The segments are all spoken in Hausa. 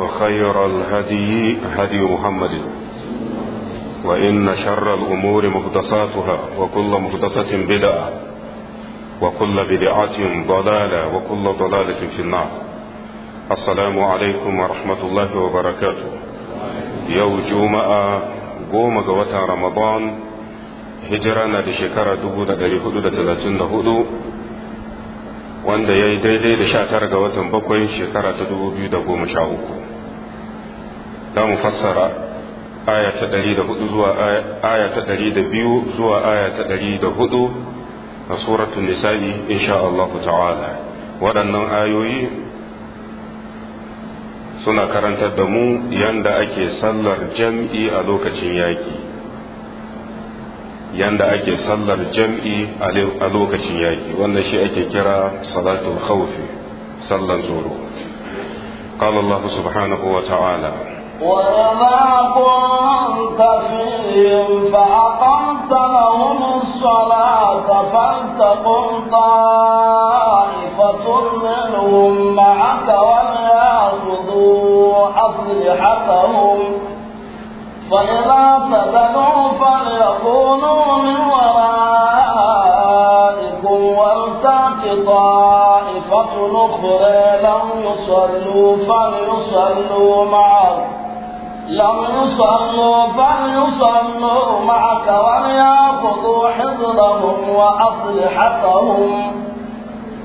وخير الهدي هدي محمد وإن شر الأمور مهدساتها وكل مهدسة بدعة وكل بدعة ضلالة وكل ضلالة في النار السلام عليكم ورحمة الله وبركاته يو جمعة قوم قوة رمضان هجرانا لشكرة دبودة لحدودة هدو wanda ya yi daidai da sha tara ga watan bakwai shekara ta dubu biyu da goma sha uku za mu fassara aya ta ɗari da hudu zuwa aya ta ɗari da biyu zuwa aya ta ɗari da hudu a suratun nisa'i insha Allah ta'ala waɗannan ayoyi suna karantar da mu yanda ake sallar jam'i a lokacin yaƙi yanda ake sallar jam'i a lokacin yaƙi wannan shi ake kira salatul khawfi sallar tsoro قال الله سبحانه وتعالى وإذا كنت فيهم فأقمت لهم الصلاة فلتقم طائفة منهم معك وليأخذوا أسلحتهم فإذا سجدوا فليكونوا من ورائكم ولتأت طائفة أخرى لم يصلوا فليصلوا معك لم يصلوا فليصلوا معك وليأخذوا حفظهم وأسلحتهم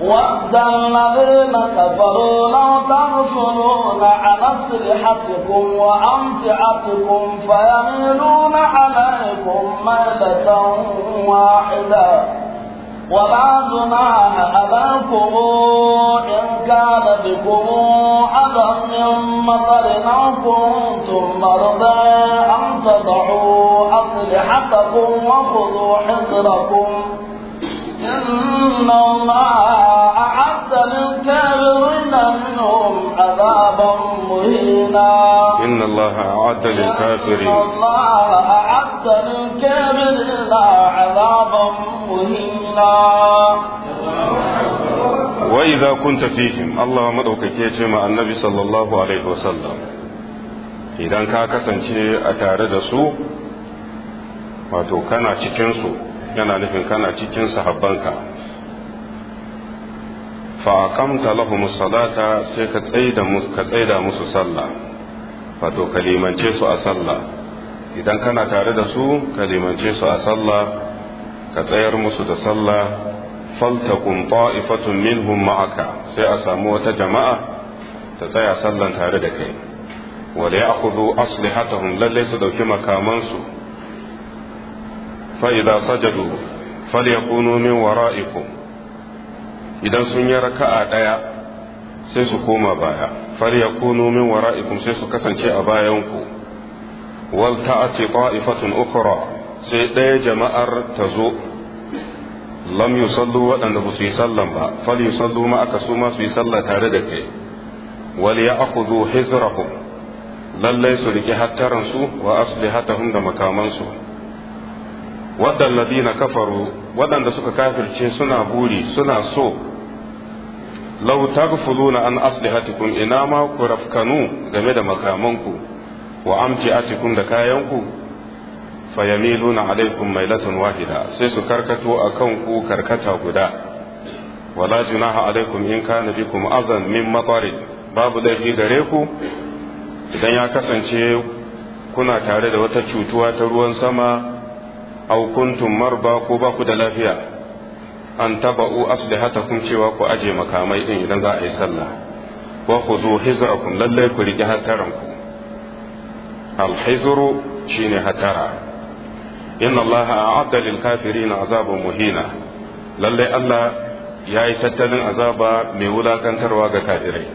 ود الذين كفروا لو تغفلون عن أسلحتكم وأمتعتكم فيميلون عليكم ميلة واحدة وبعضنا أباكم إن كان بكم أذى من مطر أو كنتم مرضى أن تضعوا أسلحتكم وخذوا حذركم إن الله أعد للكافرين منهم عذابا مهينا إن الله أعد للكافرين إن الله أعد للكافرين عذابا مهينا الله وإذا كنت فيهم الله مدوكك يجمع النبي صلى الله عليه وسلم إذا كاكسن شيء أتارد سوء wato kana cikinsu yana nufin kana cikin sahabbanka fa'akamta lahum salata sai ka tsaida musu sallah wato kalimance su a sallah idan kana tare da su kalimance su a sallah ka tsayar musu da sallah faltakum ta'ifatun minhum ma'aka sai a samu wata jama'a ta tsaya sallan tare da kai wala ya'khudhu aslihatahum lalle su dauki makamansu fa idza sajadu falyakunu min wara'ikum idan sun yi raka'a daya sai su koma baya falyakunu min wara'ikum sai su kasance a bayanku wal ta'ati ta'ifatun ukhra sai ɗaya jama'ar ta zo lam sallu waɗanda ba su yi sallan ba fal sallu ma aka su su yi sallah tare da kai wal ya'khudhu hizrahum lallai su rike hattaran su wa aslihatahum da makaman su waɗanda kafaru waɗanda suka kafirce suna buri suna so lau tagfuluna an aslihatikum ina ma ku rafkanu game da makamanku wa amtiatikum da kayanku fayamiluna alaikum mailatun wahida sai su karkato akan ku karkata guda wala junaha alaikum in kana bikum azan min matari babu laifi gare ku idan ya kasance kuna tare da wata cutuwa ta ruwan sama au kuntum marba ko ba ku da lafiya an taba'u aslihatakum cewa ku aje makamai din idan za a yi sallah wa khudhu hizrakum lallai ku riƙe hataranku al-hizru shine hatara إن الله أعد للكافرين عذابا مهينا للي الله يا تتلن عذابا ميولا كنتروا كافرين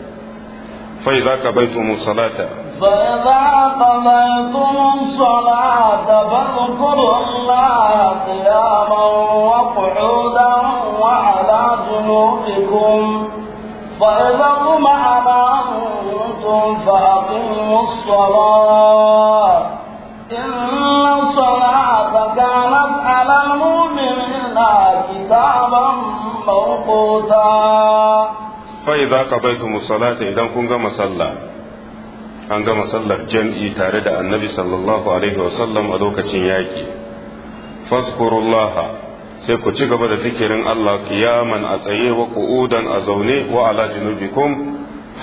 فإذا قضيتم الصلاة فإذا قضيتم الصلاة فاذكروا الله قياما وقعودا وعلى جنوبكم فإذا اطمأننتم فأقيموا الصلاة Fai za ka موقوتا فإذا قضيتم idan kun gama sallah. an gama sallar jam'i tare da annabi sallallahu alaihi wasallam a lokacin yaƙi fazkurullaha sai ku ci gaba da fikirin Allah kiyaman a tsaye wa ku'udan a zaune wa ala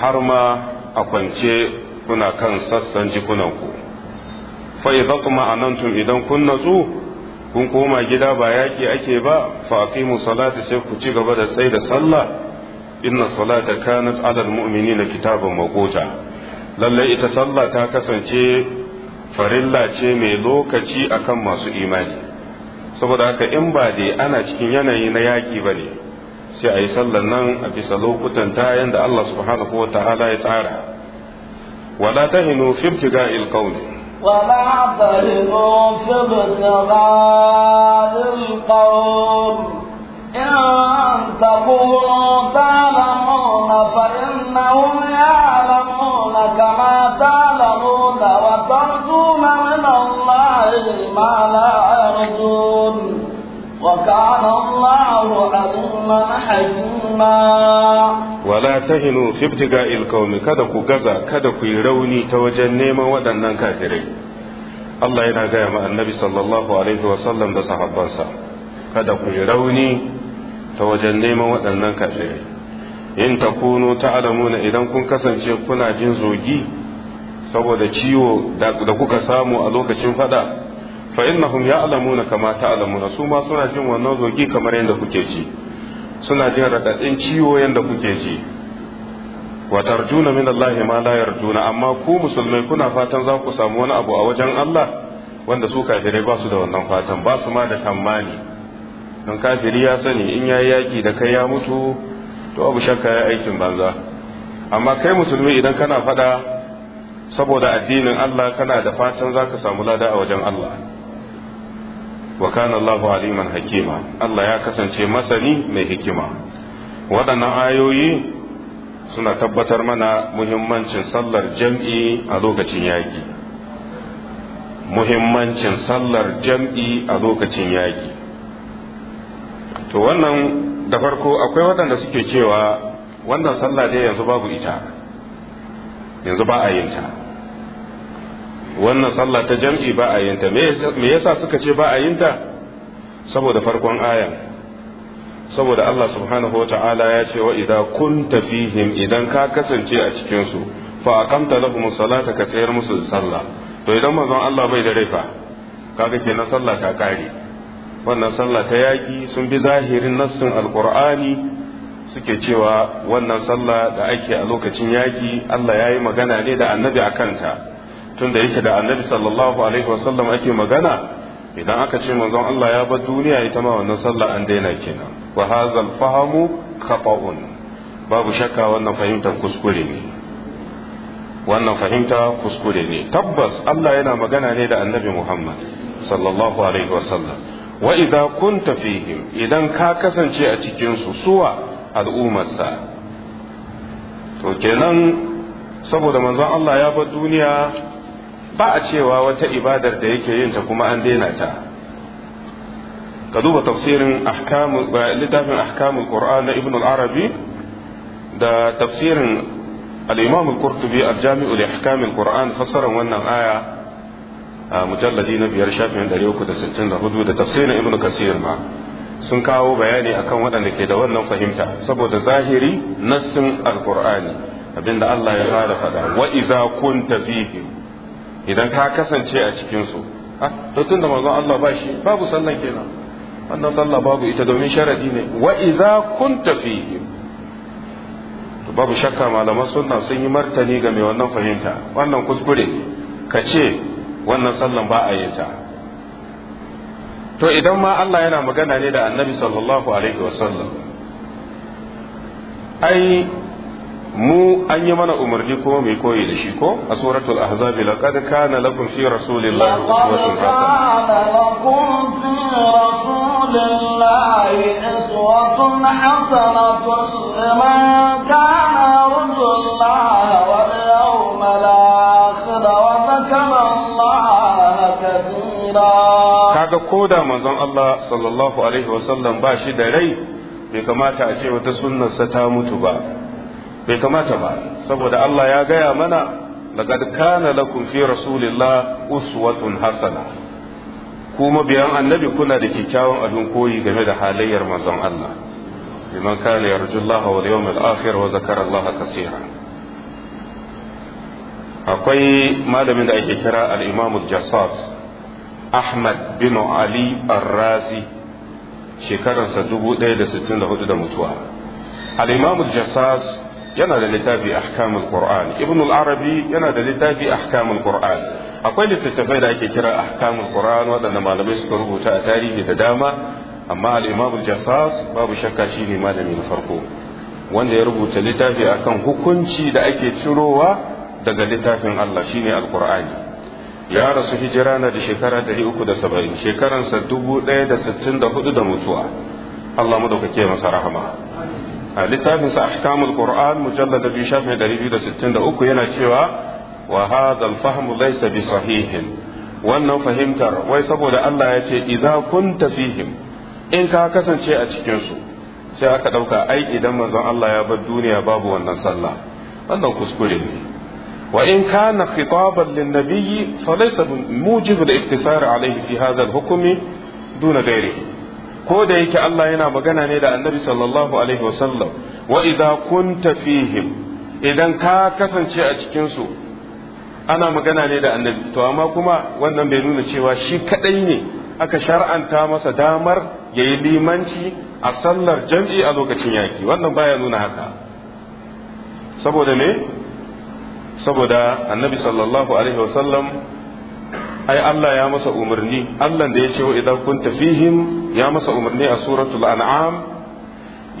har ma a kwance kuna kan sassan jikunanku fa idza tun idan kun natsu kun koma gida ba yaki ake ba fa aqimu salata sai ku ci gaba da tsaye da sallah inna salata kanat ala almu'minina kitaban mawquta lalle ita sallah ta kasance farilla ce mai lokaci akan masu imani saboda haka in ba dai ana cikin yanayi na yaki bane sai a yi sallar nan a bisa lokutan ta yanda Allah subhanahu wa ta'ala ya tsara wala tahinu fi ibtiga'il qawli ولا تهنوا في ابتغاء القوم إن تقولوا تعلمون فإنهم يعلمون كما تعلمون وترجون من الله ما لا يرجون وكان الله عظيما حكيما ولا تهنوا في ابتغاء القوم kada ku gaza kada kuyi yi rauni ta wajen neman waɗannan kafirai Allah yana gaya ma annabi sallallahu alaihi wa sallam da sahabbansa kada kuyi rauni ta wajen neman waɗannan kafirai in takunu ta'lamuna idan kun kasance kuna jin zogi saboda ciwo da kuka samu a lokacin fada fa innahum ya'lamuna kama ta'lamuna su ma suna jin wannan zogi kamar yadda kuke ji suna jin radadin ciwo yadda kuke ji wa tarjuna min Allah ma la yarjuna amma ku musulmai kuna fatan za ku samu wani abu a wajen Allah wanda su kafirai ba su da wannan fatan ba su ma da tamani don kafiri ya sani in yayi yaki da kai ya mutu to abu shakka ya aikin banza amma kai musulmi idan kana fada saboda addinin Allah kana da fatan za ka samu lada a wajen Allah wa kana Allahu aliman hakima Allah ya kasance masani mai hikima waɗannan ayoyi suna tabbatar mana muhimmancin sallar jam'i a lokacin yaki? muhimmancin sallar jam'i a lokacin yaki? to wannan da farko akwai waɗanda suke cewa wannan sallah dai yanzu babu ita yanzu ba a yin ta wannan sallah ta jam'i ba a yinta me yasa suka ce ba a yinta saboda farkon aya saboda Allah subhanahu wa ta'ala ya ce wa idan kunta idan ka kasance a cikin su fa aqamta lahum salata ka tsayar musu sallah to idan mazan Allah bai da rai fa kaga kenan sallah ta kare wannan sallah ta yaki sun bi zahirin nassin alqur'ani suke cewa wannan sallah da ake a lokacin yaki Allah ya yi magana ne da annabi a kanta tun da yake da annabi sallallahu alaihi wasallam ake magana idan aka ce manzon Allah ya bar duniya ita ma wannan sallah an daina kenan wa hazal fahamu khata'un babu shakka wannan fahimtar kuskure ne wannan fahimta kuskure ne tabbas Allah yana magana ne da annabi Muhammad sallallahu alaihi wasallam wa idza kunta fihim idan ka kasance a cikin su suwa al'ummarsa to kenan saboda manzon Allah ya bar duniya ba a cewa wata ibadar da yake yin ta kuma an daina ta ka duba tafsirin littafin ahkamul qur'an na ibn al-arabi da tafsirin al-imam al-qurtubi al-jami'u li qur'an fassara wannan aya a mujalladi na biyar shafin 364 da tafsirin ibn kasir ma sun kawo bayani akan waɗanda ke da wannan fahimta saboda zahiri nassin al-qur'ani abinda Allah ya fara faɗa wa idza kunta fihim idan ka kasance a cikinsu to tun da manzon Allah ba shi babu sallan kenan wannan sallah babu ita domin sharadi ne wa idza kunta fihi to babu shakka malaman sunna sun yi martani ga mai wannan fahimta wannan kuskure ka ce wannan sallan ba a yi ta to idan ma Allah yana magana ne da annabi sallallahu alaihi wasallam ai mu an yi mana umarni kuma mai koyi da shi ko a suratul ahzab laqad kana lakum fi rasulillahi uswatun hasana kaga da manzon Allah sallallahu alaihi wasallam ba shi da rai bai kamata a ce wata sa ta mutu ba bai kamata ba saboda Allah ya gaya mana laqad kana lakum fi rasulillah uswatun hasana kuma biyan annabi kuna da kyakkyawan abin koyi game da halayyar manzon Allah liman kana yarjullaha wal yawmil akhir wa zakara Allah kaseera akwai malamin da ake kira al jassas Ahmad bin Ali Ar-Razi shekararsa 1064 da mutuwa al-Imam jassas yana da littafi ahkamul qur'an ibn al-arabi yana da littafi ahkamul qur'an akwai littattafai da ake kira ahkamul qur'an waɗanda malamai suka rubuta a tarihi da dama amma al-imam al-jassas babu shakka shine malami na farko wanda ya rubuta littafi akan hukunci da ake cirowa daga littafin Allah shine al-qur'ani ya rasu hijira na da shekara 370 shekaransa ɗaya da sittin da da mutuwa Allah madaukake masa rahama littafin sa ahkamul qur'an mujallad shafin 263 yana cewa wa hadha al-fahmu laysa bi sahihin wannan fahimtar wai saboda Allah ya ce idza kunta fihim in ka kasance a cikin su sai aka dauka ai idan manzon Allah ya bar duniya babu wannan sallah wannan kuskure ne وإن كان خطابا للنبي da موجب الاقتصار عليه في hukumi الحكم دون غيره ko da yake Allah yana magana ne da annabi sallallahu alaihi wasallam wa idza kunta fihim idan ka kasance a cikin su ana magana ne da annabi to amma kuma wannan bai nuna cewa shi kadai ne aka shar'anta masa damar yayi limanci a sallar jam'i a lokacin yaki wannan baya nuna haka saboda me saboda annabi sallallahu alaihi wasallam ai Allah ya masa umarni Allah da ya ce wa idan kun tafihim ya masa umarni a suratul an'am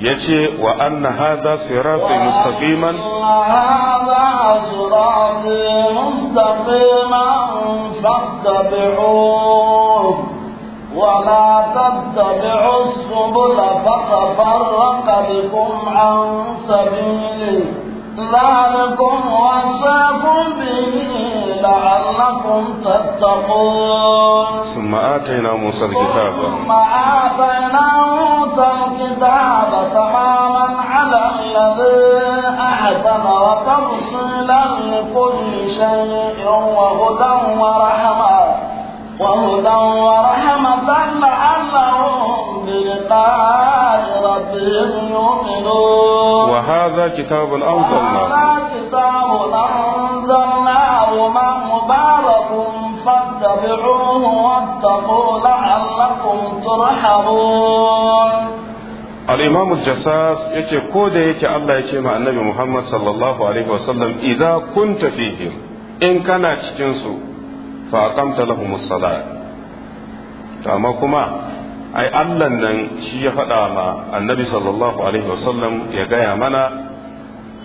yace wa anna hadha sirati mustaqiman hadha sirati mustaqiman fattabi'uhu ولا تتبعوا السبل فتفرق بكم عن سبيله ذلكم وصاكم به لعلكم تتقون ثم آتينا موسى الكتاب ثم آتينا موسى الكتاب تماما على الذي أحسن وتفصيلا لكل شيء وهدى ورحمة وهدى ورحمة لعلهم بلقاء يؤمنون وهذا كتاب أنزلناه هذا كتاب أنزلناه أخباركم فاتبعوه واتقوا لعلكم ترحمون الإمام الجساس يتي كودة يتي الله يتي مع النبي محمد صلى الله عليه وسلم إذا كنت فيهم إن كان تجنسو فأقمت لهم الصلاة فما كما ai allan nan shi ya faɗa ma annabi sallallahu alaihi wasallam ya gaya mana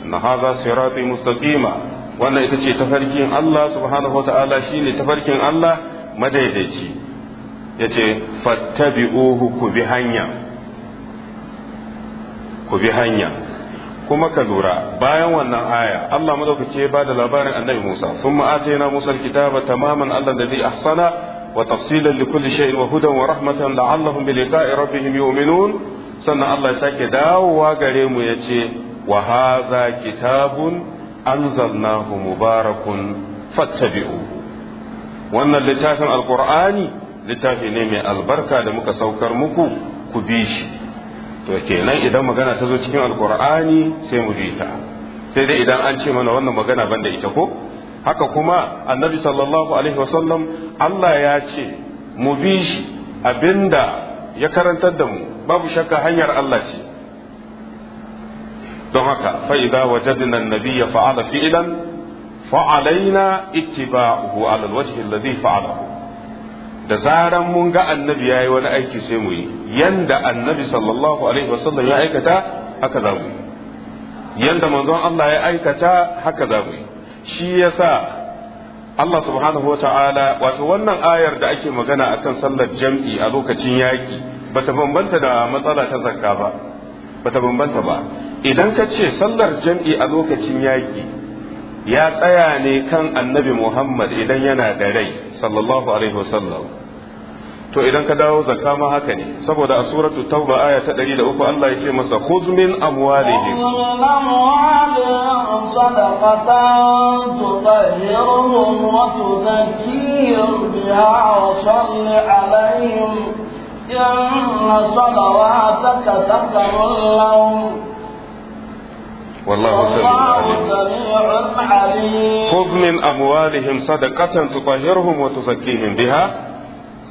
na haza sirati mustaqima wannan ita ce tafarkin Allah subhanahu wata'ala shine tafarkin Allah madaidaici yace fattabi'uhu ku bi hanya ku bi hanya kuma ka lura bayan wannan aya Allah madaukake ba da labarin annabi Musa thumma atayna Musa alkitaba tamaman alladhi ahsana wa tafsilan likulli shay'in wa hudan wa rahmatan la'allahum bi liqa'i rabbihim yu'minun sannan Allah ya sake dawowa gare mu yace wa hadha kitabun anzalnahu mubarakun fattabi'u wannan littafin alkur'ani littafi ne mai albarka da muka saukar muku ku bi shi to kenan idan magana ta zo cikin alkur'ani sai mu bi ta sai dai idan an ce mana wannan magana banda ita ko haka kuma annabi sallallahu alaihi wasallam Allah ya ce mu bi shi abinda ya karantar da mu babu shakka hanyar Allah ce don haka fa idza wajadna an-nabiyya fa'ala fi'lan fa'alaina ittiba'uhu 'ala al-wajhi alladhi fa'alahu da zaran mun ga annabi ya yi wani aiki sai mu yi yanda annabi sallallahu alaihi wasallam ya aikata haka za mu yi yanda manzon Allah ya aikata haka za mu yi shi ya sa Allah subhanahu ta'ala wato wannan ayar da ake magana akan sallar jam'i a lokacin yaki ta bambanta da matsala ta zakka ba bata bambanta ba idan ka ce sallar jam'i a lokacin yaƙi ya tsaya ne kan annabi muhammad idan yana da rai sallallahu alaihi wasallam to idan ka dawo zakka ma haka ne saboda a suratu tauba aya ta 103 Allah ya ce masa khudh min amwalihim sadaqatan tutahhiruhum wa tuzakkihim biha wa salli alaihim إن صلواتك سكن لهم والله سميع عليم خذ من أموالهم صدقة تطهرهم وتزكيهم بها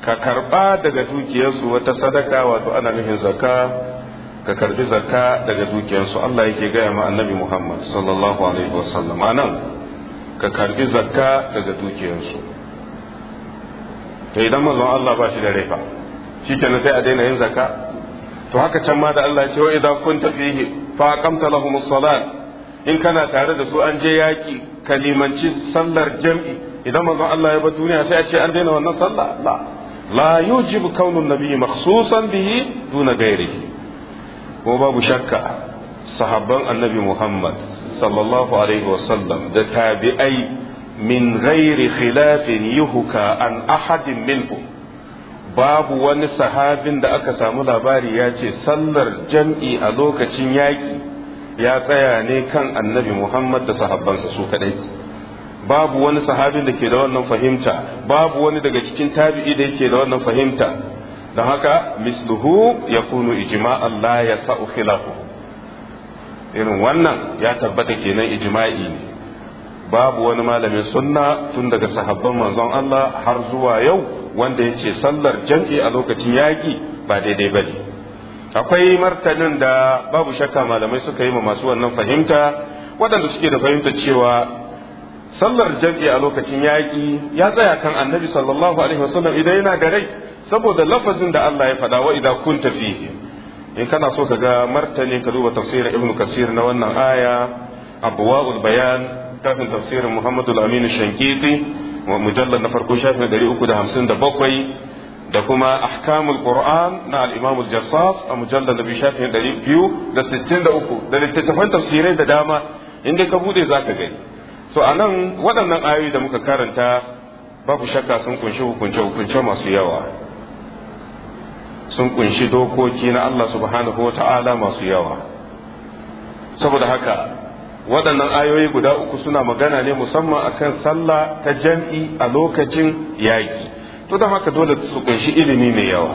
ka karba daga dukiyarsu wata sadaka wato ana nufin ka karbi zakka daga dukiyarsu Allah yake gaya ma annabi Muhammad sallallahu alaihi wasallam anan ka karbi zakka daga dukiyarsu to idan mazan Allah bashi da rai shikenan sai a daina yin zaka to haka can ma da Allah ya ce wa kun tafi fihi fa aqamta lahumus salat in kana tare da su an je yaki kalimanci sallar jam'i idan manzo Allah ya ba duniya sai a ce an daina wannan sallah la la yujibu kaunu nabiyyi makhsusan bihi duna ghairihi ko babu shakka sahabban annabi Muhammad sallallahu alaihi wasallam da tabi'ai min ghairi khilafin yuhuka an ahadin minhum babu wani sahabin da aka samu labari ya ce sallar jam'i a lokacin yaƙi ya tsaya ne kan annabi Muhammad da sahabbansa su kaɗai. babu wani sahabin da ke da wannan fahimta babu wani daga cikin tabi'i da yake da wannan fahimta don haka misluhu ya kunu ijma'an la ya sa'u khilafu irin wannan ya tabbata kenan ijma'i ne babu wani malamin sunna tun daga sahabban manzon Allah har zuwa yau wanda ya ce sallar jam'i a lokacin yaƙi ba daidai ba ne akwai martanin da babu shakka malamai suka yi ma masu wannan fahimta waɗanda suke da fahimta cewa sallar jam'i a lokacin yaƙi ya tsaya kan annabi sallallahu alaihi wasallam idan yana da rai saboda lafazin da Allah ya faɗa wa idan kun tafi in kana so ka ga martani ka duba tafsirin ibnu kasir na wannan aya abwaul bayan kafin tafsirin muhammadu Aminu amin shankiti mujallar na farko shafi 357 da kuma ahkamul qur'an na al-imam al-jassas a mujallar da shafi 263 da littattafan tafsirai da dama inda ka bude zaka gani so anan waɗannan ayoyin da muka karanta babu shakka sun kunshi hukunce hukunce masu yawa sun kunshi dokoki na Allah subhanahu wa ta'ala masu yawa saboda haka waɗannan ayoyi guda uku suna magana ne musamman akan sallah ta jam'i a lokacin yaƙi to da haka dole su kunshi ilimi mai yawa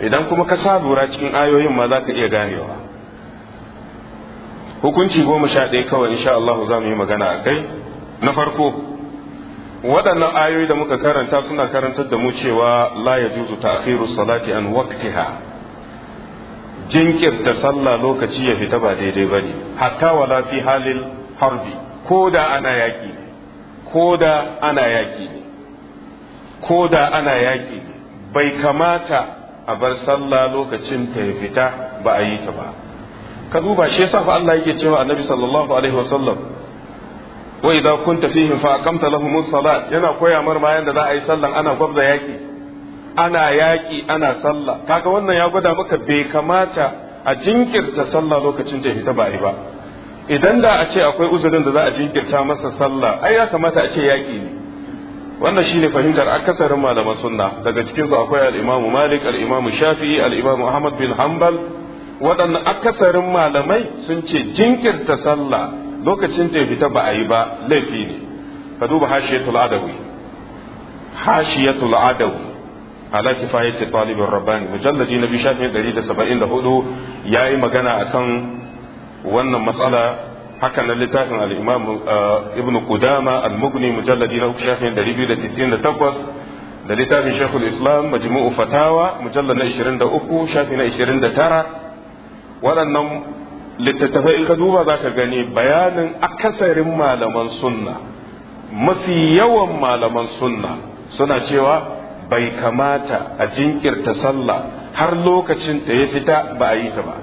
idan kuma ka sabura cikin ayoyin ma za ka iya ganewa hukunci goma sha ɗaya kawai insha Allah za mu yi magana a kai na farko waɗannan ayoyi da muka karanta suna karantar da mu cewa la yajuzu ta'khiru salati an waqtiha jinkirta sallah lokaci ya fita ba daidai ba ne hatta wala fi halin harbi ko da ana yaƙi ne ko da ana yaƙi ne ko da ana yaƙi ne bai kamata a bar sallah lokacin ta ya fita ba a yi ta ba ka duba shi yasa fa Allah yake cewa annabi sallallahu alaihi wasallam wa idza kunta fihim fa aqamta lahum salat yana koya mar bayan da za a yi sallan ana gwabza yaki ana yaƙi ana sallah kaga wannan ya gwada maka bai kamata a jinkirta sallah lokacin da ita ba ba idan da a ce akwai uzurin da za a jinkirta masa sallah ai ya kamata a ce yaƙi ne wannan shine fahimtar akasarin malaman sunna daga cikin su akwai al-Imam Malik al-Imam Shafi'i al-Imam Ahmad bin Hanbal waɗannan akasarin malamai sun ce jinkirta sallah lokacin da fita ba a yi ba laifi ne ka duba hashiyatul adawi hashiyatul adawi ala kifayati talibin rabbani mujalladi na biyu shafin 174 yayi magana akan wannan matsala haka na littafin al-imam ibn qudama al-mughni mujalladi na shafin 298 da littafin shaykhul islam majmu'u fatawa mujallad na 23 shafi na 29 waɗannan littattafai in ka duba za ka gani bayanin akasarin malaman sunna mafi yawan malaman sunna suna cewa bai kamata a jinkirta sallah har lokacin da ya fita ba a yi ta ba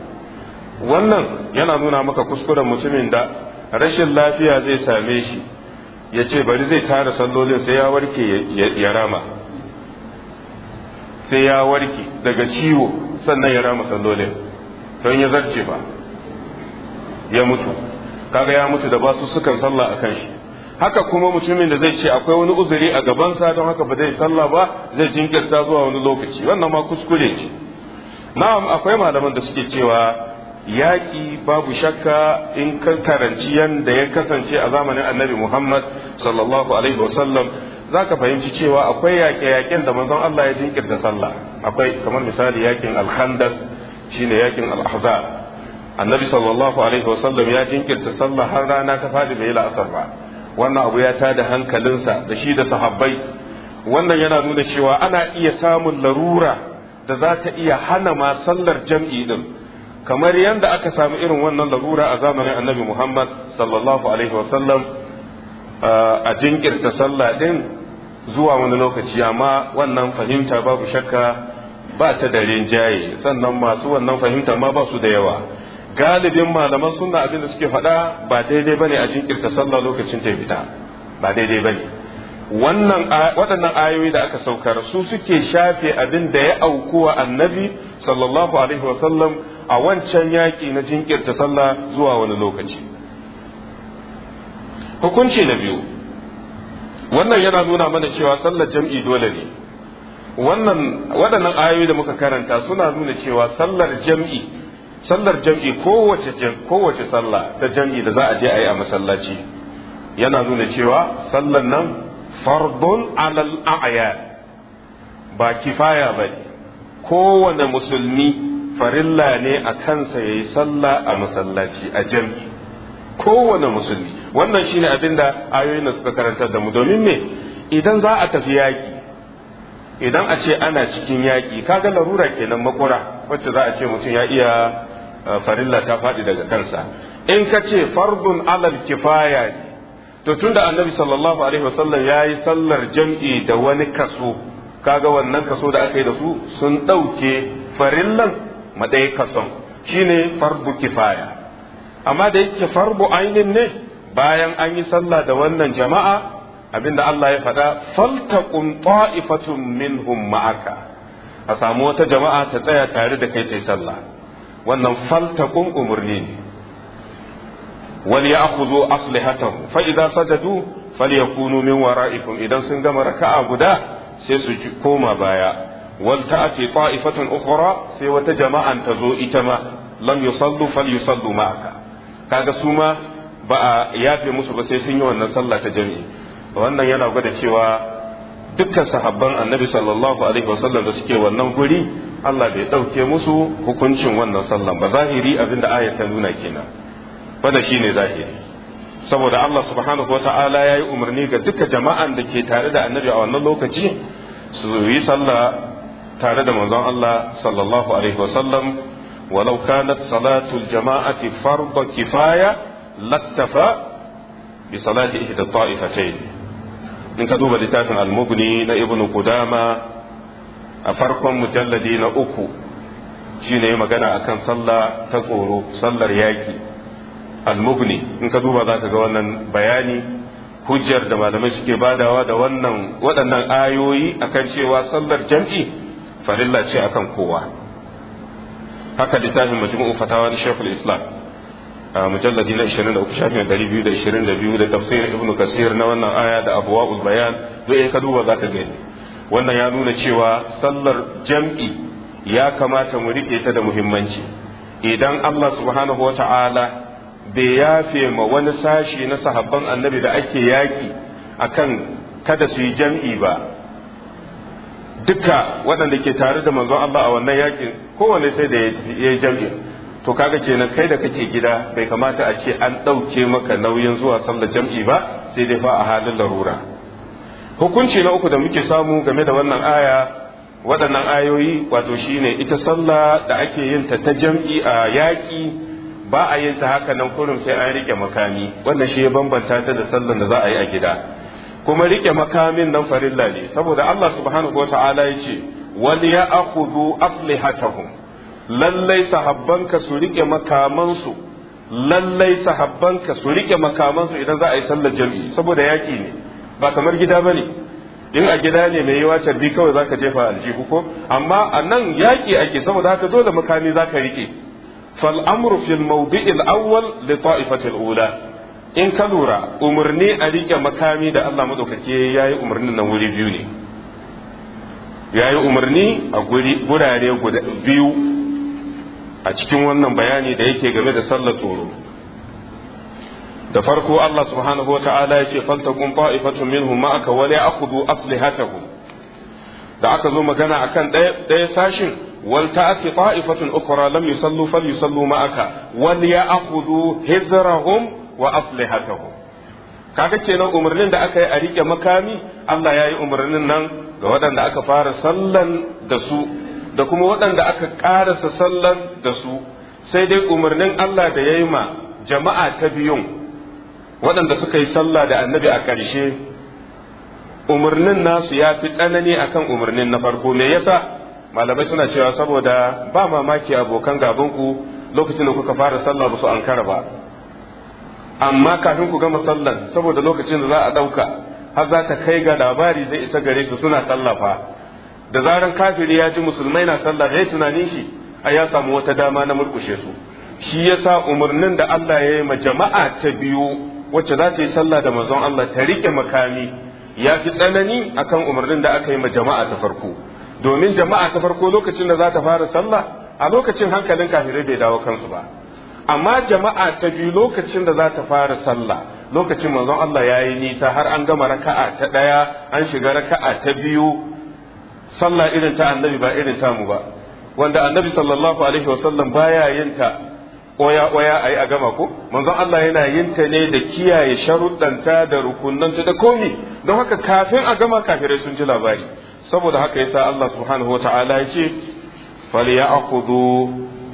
wannan yana nuna maka kuskuren mutumin da rashin lafiya zai same shi ya ce bari zai tara sallolin sai ya warke ya rama sai ya warke daga ciwo sannan ya rama sallolin don ya zarce ba ya mutu kaga ya mutu da basu sukan sallah a kan shi haka kuma mutumin da zai ce akwai wani uzuri a gabansa don haka ba zai sallah ba zai jinkirta zuwa wani lokaci wannan ma kuskure ce na'am akwai malaman da suke cewa yaƙi babu shakka in ka karanci yanda ya kasance a zamanin annabi muhammad sallallahu alaihi wasallam za ka fahimci cewa akwai yaƙe-yaƙen da manzon allah ya jinkirta sallah akwai kamar misali yaƙin alhandar shine yaƙin al'ahzab annabi sallallahu alaihi wasallam ya jinkirta sallah har rana ta fadi bai la'asar ba wannan abu ya ta da hankalinsa da shi da sahabbai wannan yana nuna cewa ana iya samun larura da za ta iya hana ma sallar jam'i din kamar yadda aka samu irin wannan larura a zamanin annabi muhammad sallallahu alaihi wasallam uh, a jinkirta sallah din zuwa wani lokaci amma wannan fahimta babu shakka ba ta da rinjaye sannan masu wannan fahimta ma ba su da yawa galibin malaman sunna abin da suke faɗa ba daidai bane a jinkirta sallah lokacin ta fita ba daidai bane wannan waɗannan ayoyi da aka saukar su suke shafe abin da ya aukuwa annabi sallallahu alaihi wa sallam a wancan yaƙi na jinkirta sallah zuwa wani lokaci hukunci na biyu wannan yana nuna mana cewa sallar jam'i dole ne wannan waɗannan ayoyi da muka karanta suna nuna cewa sallar jam'i sallar jam'i kowace kowace sallah ta jam'i da za a je a yi a masallaci yana nuna cewa sallar nan fardun alal a'ya ba kifaya ba kowane musulmi farilla ne a kansa ya yi sallah a masallaci a jam'i kowane musulmi wannan shine abin da ayoyin da suka karanta da mu domin me idan za a tafi yaƙi idan a ce ana cikin yaki kaga larura kenan makura wacce za a ce mutum ya iya Eh, farilla ta faɗi daga kansa in ka ce fardun alal kifaya to tunda annabi sallallahu alaihi wasallam ya yi sallar jam'i da wani kaso kaga wannan kaso da aka yi da su sun ɗauke farillan maɗaya kason shine fardu kifaya amma da yake fardu ainin ne bayan an yi sallah da wannan jama'a abinda Allah ya faɗa faltaqum ta'ifatun minhum ma'aka a samu wata jama'a ta tsaya tare da kai ta sallah wannan faltakun umarni ne wal ya'khudhu aslihatahu fa idza sajadu kunu min wara'ikum idan sun gama raka'a guda sai su koma baya wal ta'ati ta'ifatan ukhra sai wata jama'an ta zo ita ma lam yusallu falyusallu ma'aka kaga su ma ba a yafe musu ba sai sun yi wannan sallah ta jami'i wannan yana gwada cewa dukkan sahabban annabi sallallahu alaihi wasallam da suke wannan guri Allah bai ɗauke musu hukuncin wannan sallan ba zahiri abinda aya ta nuna kenan wanda shine zahiri saboda Allah subhanahu wata'ala ya yi umarni ga duka jama'an da ke tare da annabi a wannan lokaci su yi sallah tare da manzon Allah sallallahu alaihi wasallam walau kanat salatul jama'ati farda kifaya lattafa bi salati ihda ta'ifatayn in ka duba littafin al-mughni na ibnu kudama a farkon mujalladi na uku shine magana akan sallah ta tsoro sallar yaki al-mughni in ka duba zaka ga wannan bayani hujjar da malamai suke badawa da wannan waɗannan ayoyi akan cewa sallar jam'i farilla ce akan kowa haka littafin majmu'u fatawa na shaykhul islam mujalladi na 23 shafin 222 da tafsir ibn kasir na wannan aya da abwaul bayan duk in ka duba zaka gani wannan ya nuna cewa sallar jam'i ya kamata mu rike ta da muhimmanci idan Allah subhanahu wata'ala bai yafe ma wani sashi na sahabban annabi da ake yaki akan kada su yi jam'i ba duka waɗanda ke tare da manzon Allah a wannan yakin kowanne sai da ya yi jam'i to kaga kenan kai da kake gida bai kamata a ce an ɗauke maka nauyin zuwa sallar jam'i ba sai dai fa a halin larura hukunci na uku da muke samu game da wannan aya waɗannan ayoyi wato shine ita sallah da ake yin ta ta jam'i a yaƙi ba a yin ta haka nan kurum sai an rike makami wannan shi ya bambanta ta da sallar da za a yi a gida kuma rike makamin nan farilla ne saboda Allah subhanahu wa ta'ala ya ce wal ya'khudhu aslihatahum lallai sahabbanka su rike makamansu lallai sahabbanka su rike makamansu idan za a yi sallar jami'i saboda yaki ne ba kamar gida bane in a gida ne mai yawa bi kawai zaka jefa aljihu ko amma a nan yaki ake saboda haka dole makami zaka rike fal amru fil mawdi'il awwal li ta'ifatil ula in ka lura umarni a rike makami da Allah madaukake yayi umarnin nan wuri biyu ne yayi umarni a guri gurare biyu a cikin wannan bayani da yake game da sallar tsoro da farko Allah subhanahu ta'ala ya ce faltakun ta'ifatun minhum ma'aka wala ya'khudhu aslihatahum da aka zo magana akan ɗaya sashin wal ta'ati ta'ifatun ukhra lam yusallu falyusallu ma'aka wal ya'khudhu hizrahum wa aslihatahum kaga kenan umarnin da aka yi a rike makami Allah ya yi umarnin nan ga waɗanda aka fara sallan da su da kuma waɗanda aka ƙarasa sallar da su sai dai umarnin Allah da ya yi ma jama'a ta biyun waɗanda suka yi sallah da annabi a ƙarshe umarnin nasu ya fi tsanani akan umarnin na farko me yasa malamai suna cewa saboda ba mamaki abokan gabanku lokacin da kuka fara sallah ba su ankara ba amma kafin ku gama sallan saboda lokacin da za a ɗauka har za ta kai ga labari zai isa gare su suna sallafa da zaran kafiri ya ji musulmai na sallah ya tunanin shi a ya samu wata dama na murkushe su shi yasa umarnin da Allah ya yi ma jama'a ta biyu wacce za ta yi sallah da manzon Allah ta rike makami ya fi tsanani akan umarnin da aka yi ma jama'a ta farko domin jama'a ta farko lokacin da za ta fara sallah a lokacin hankalin kafirai bai dawo kansu ba amma jama'a ta biyu lokacin da za ta fara sallah lokacin manzon Allah ya yi nisa har an gama raka'a ta ɗaya an shiga raka'a ta biyu sallah irin ta annabi ba irin tamu ba wanda annabi sallallahu alaihi wasallam baya yin ta oya oya ayi a gama ko manzon Allah yana yin ta ne da kiyaye sharuɗanta da rukunanta da komi don haka kafin a gama kafirai sun ji labari saboda haka yasa Allah subhanahu wataala ya ce falyakhudhu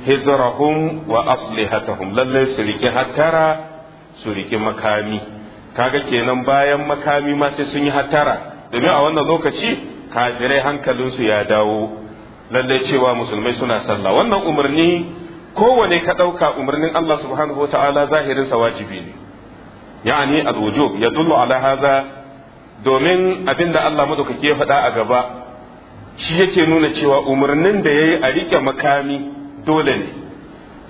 hizrahum wa aslihatahum lalle su rike hattara su rike makami kaga kenan bayan makami ma sai sun yi hattara domin a wannan lokaci kafirai hankalinsu ya dawo lallai cewa musulmai suna sallah wannan umarni kowane ka ɗauka umarnin Allah subhanahu wa ta'ala zahirinsa wajibi ne ya'ani al-wujub yadullu ala haza domin abinda Allah madaukake ya faɗa a gaba shi yake nuna cewa umarnin da yayi a rike makami dole ne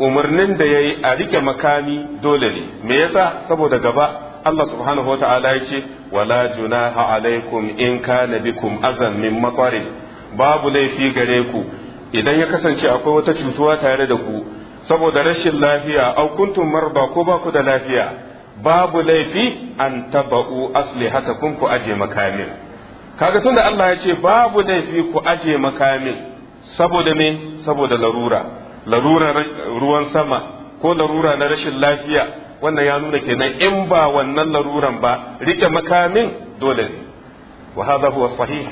umarnin da yayi a rike makami dole ne me yasa saboda gaba Allah subhanahu wa ta'ala ya ce wala junaha alaikum in kana bikum azan min maqari babu laifi gare ku idan ya kasance akwai wata cutuwa tare da ku saboda rashin lafiya au kuntum marba ko ba ku da lafiya babu laifi an taba'u kun ku aje makamin kaga tunda Allah ya ce babu laifi ku aje makamin saboda me saboda larura larura ruwan sama ko larura na rashin lafiya wannan ya nuna kenan in ba wannan laruran ba rike makamin dole ne wa hadha huwa sahih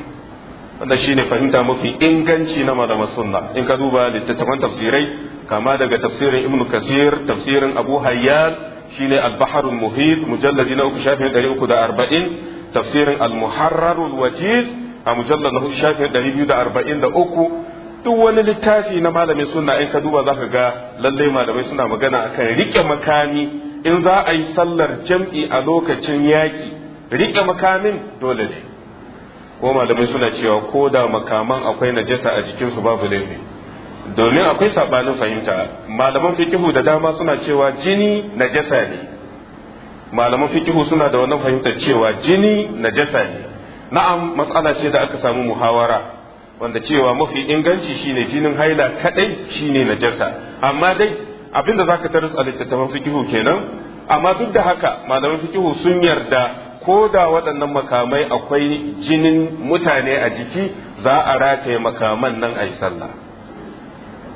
wanda shine fahimta mafi inganci na malaman sunna in ka duba littattafan tafsirai kama daga tafsirin ibn kasir tafsirin abu hayyan shine al-bahr al-muhit mujalladi na uku shafin 340 tafsirin al-muharrar al-wajiz a mujallad na shafin 243 duk wani littafi na malamin sunna in ka duba zaka ga lallai malamai suna magana akan rike makami in za a yi sallar jam'i a lokacin yaƙi riƙe makamin dole ne ko malamai suna cewa ko da makaman akwai najasa a jikinsu babu laifi domin akwai saɓanin fahimta malaman fikihu da dama suna cewa jini najasa ne malaman fikihu suna da wannan fahimtar cewa jini najasa ne na'am matsala ce da aka samu muhawara wanda cewa mafi inganci shine jinin haila kadai shine najasa amma dai abinda zaka taras a littattafan fikihu kenan amma duk da haka malaman fikihu sun yarda ko da waɗannan makamai akwai jinin mutane a jiki za a rataye makaman nan a yi sallah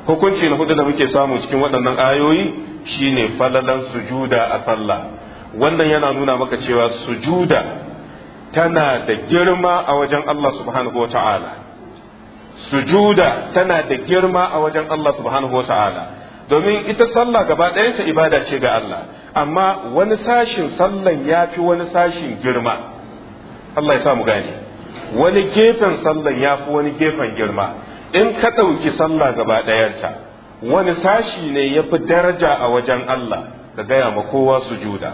hukunci na hudu da muke samu cikin waɗannan ayoyi shine falalan sujuda a sallah wannan yana nuna maka cewa sujuda tana da girma a wajen Allah subhanahu ta'ala. sujuda tana da girma a wajen Allah subhanahu ta'ala. domin ita sallah gaba ɗayanta ibada ce ga Allah amma wani sashin sallan ya fi wani sashin girma Allah ya samu gane wani gefen sallan ya fi wani gefen girma in ka ɗauki sallah gaba ɗayanta wani sashi ne ya fi daraja a wajen Allah ka gaya ma kowa su juda.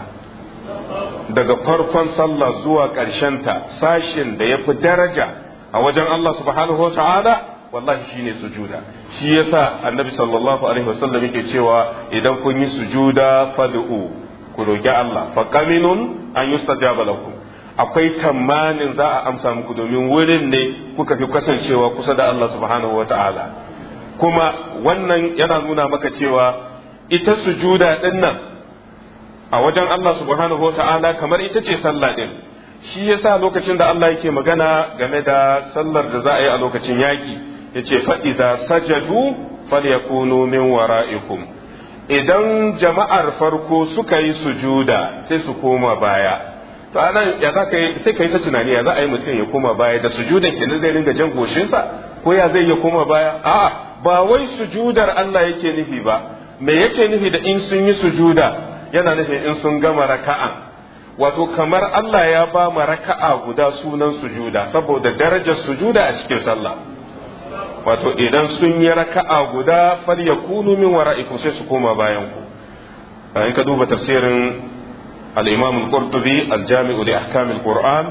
daga farkon sallah zuwa ta sashin da ya fi daraja a wajen Allah subhanahu wa ta'ala wallahi shine sujuda shi yasa annabi sallallahu alaihi wasallam yake cewa idan kun yi sujuda fad'u ku roki Allah fa qaminun an yustajaba lakum akwai tamanin za a amsa muku domin wurin ne kuka fi kasancewa kusa da Allah subhanahu wataala kuma wannan yana nuna maka cewa ita sujuda din nan a wajen Allah subhanahu wataala kamar ita ce sallah din shi yasa lokacin da Allah yake magana game da sallar da za a yi a lokacin yaki yace fa idza sajadu falyakunu min wara'ikum idan jama'ar farko suka yi sujuda sai su koma baya to anan ya za sai kai ta tunani ya za a yi mutum ya koma baya da sujudan kenan zai ringa jan goshinsa ko ya zai ya koma baya a ba wai sujudar Allah yake nufi ba me yake nufi da in sun yi sujuda yana nufi in sun gama raka'a wato kamar Allah ya ba mu raka'a guda sunan sujuda saboda darajar sujuda a cikin sallah wato idan sun yi raka'a guda fal kunu min wara'ikum sai su koma bayan ku in ka duba tafsirin al-imam al-qurtubi al-jami'u li ahkam al-qur'an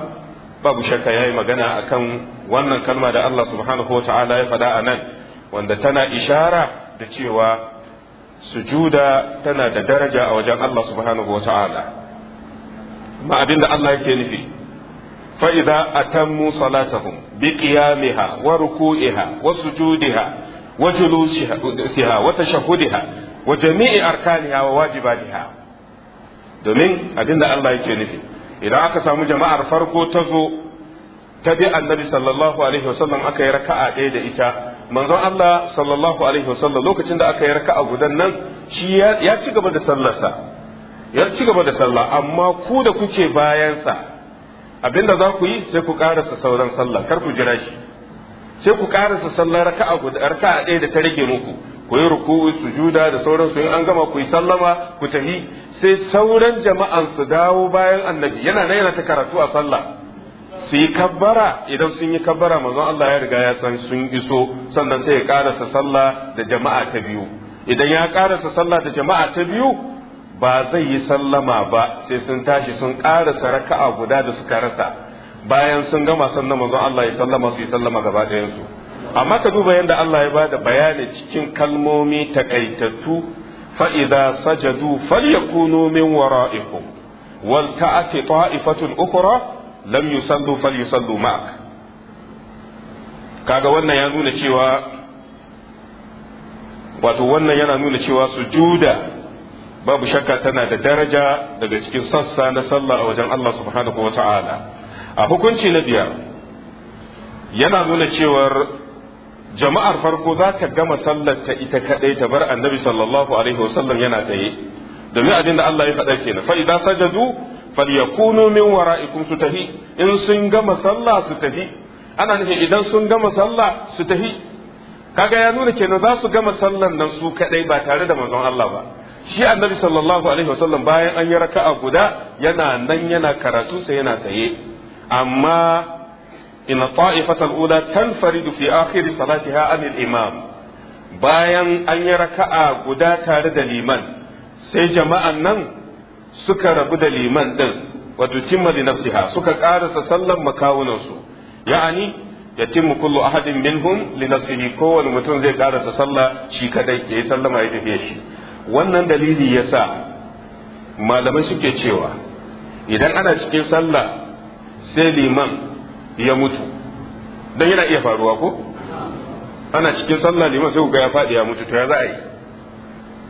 babu shakka yayi magana akan wannan kalma da Allah subhanahu wata'ala ya faɗa a nan wanda tana ishara da cewa sujuda tana da daraja a wajen Allah subhanahu wata'ala ma abin da Allah yake nufi فإذا أتموا صلاتهم بقيامها وركوعها وسجودها وجلوسها وتشهدها وجميع أركانها وواجباتها domin abin da Allah yake nufi idan aka samu jama'ar farko ta zo ta bi annabi sallallahu alaihi wasallam aka yi raka'a daya da ita manzon Allah sallallahu alaihi wasallam lokacin da aka yi raka'a gudan nan shi ya ci gaba da sallarsa ya ci gaba da sallah amma ku da kuke bayansa abinda za ku yi sai ku karasa sauran sallah kar ku jira shi sai ku karasa sallah raka'a guda raka'a ɗaya da ta rage muku ku yi ruku'u sujuda da sauran su in an gama ku yi sallama ku tafi sai sauran jama'an su dawo bayan annabi yana nan yana ta karatu a sallah su yi kabbara idan sun yi kabbara manzo Allah ya riga ya san sun iso sannan sai ya karasa sallah da jama'a ta biyu idan ya karasa sallah da jama'a ta biyu ba zai yi sallama ba sai sun tashi sun ƙarasa raka'a guda da suka rasa bayan sun gama sannan manzon Allah ya sallama su yi sallama gaba ɗayansu amma ka duba yadda Allah ya bada bayani cikin kalmomi takaitattu fa idza sajadu falyakunu min wara'ikum wal ta'ati ta'ifatun ukhra lam yusallu falyusallu ma'ak kaga wannan ya nuna cewa wato wannan yana nuna cewa sujuda babu shakka tana da daraja daga cikin sassa na sallah a wajen Allah subhanahu wa ta'ala a hukunci na biyar yana nuna cewar jama'ar farko za ta gama sallar ta ita kadai ta bar annabi sallallahu alaihi wasallam yana tsaye domin abin da Allah ya faɗa kenan fa idan sajadu falyakunu min wara'ikum su tafi in sun gama sallah su tafi ana nufin idan sun gama sallah su tafi kaga ya nuna kenan za su gama sallan nan su kadai ba tare da manzon Allah ba shi annabi sallallahu alaihi wasallam bayan an yi raka'a guda yana nan yana karatu sai yana tsaye amma in ta'ifatul ula tanfaridu fi akhir salatiha anil imam bayan an yi raka'a guda tare da liman sai jama'an nan suka rabu da liman din wato timma li nafsiha suka karasa sallan makawunan su ya'ani yatimmu kullu ahadin minhum li nafsihi kowane mutum zai karasa sallah shi kadai yayi sallama ya tafiye shi wannan dalili ya sa malamai suke cewa idan ana cikin sallah sai liman ya mutu don yana iya faruwa ko ana cikin sallah liman sai ga ya faɗi ya mutu to ya za a yi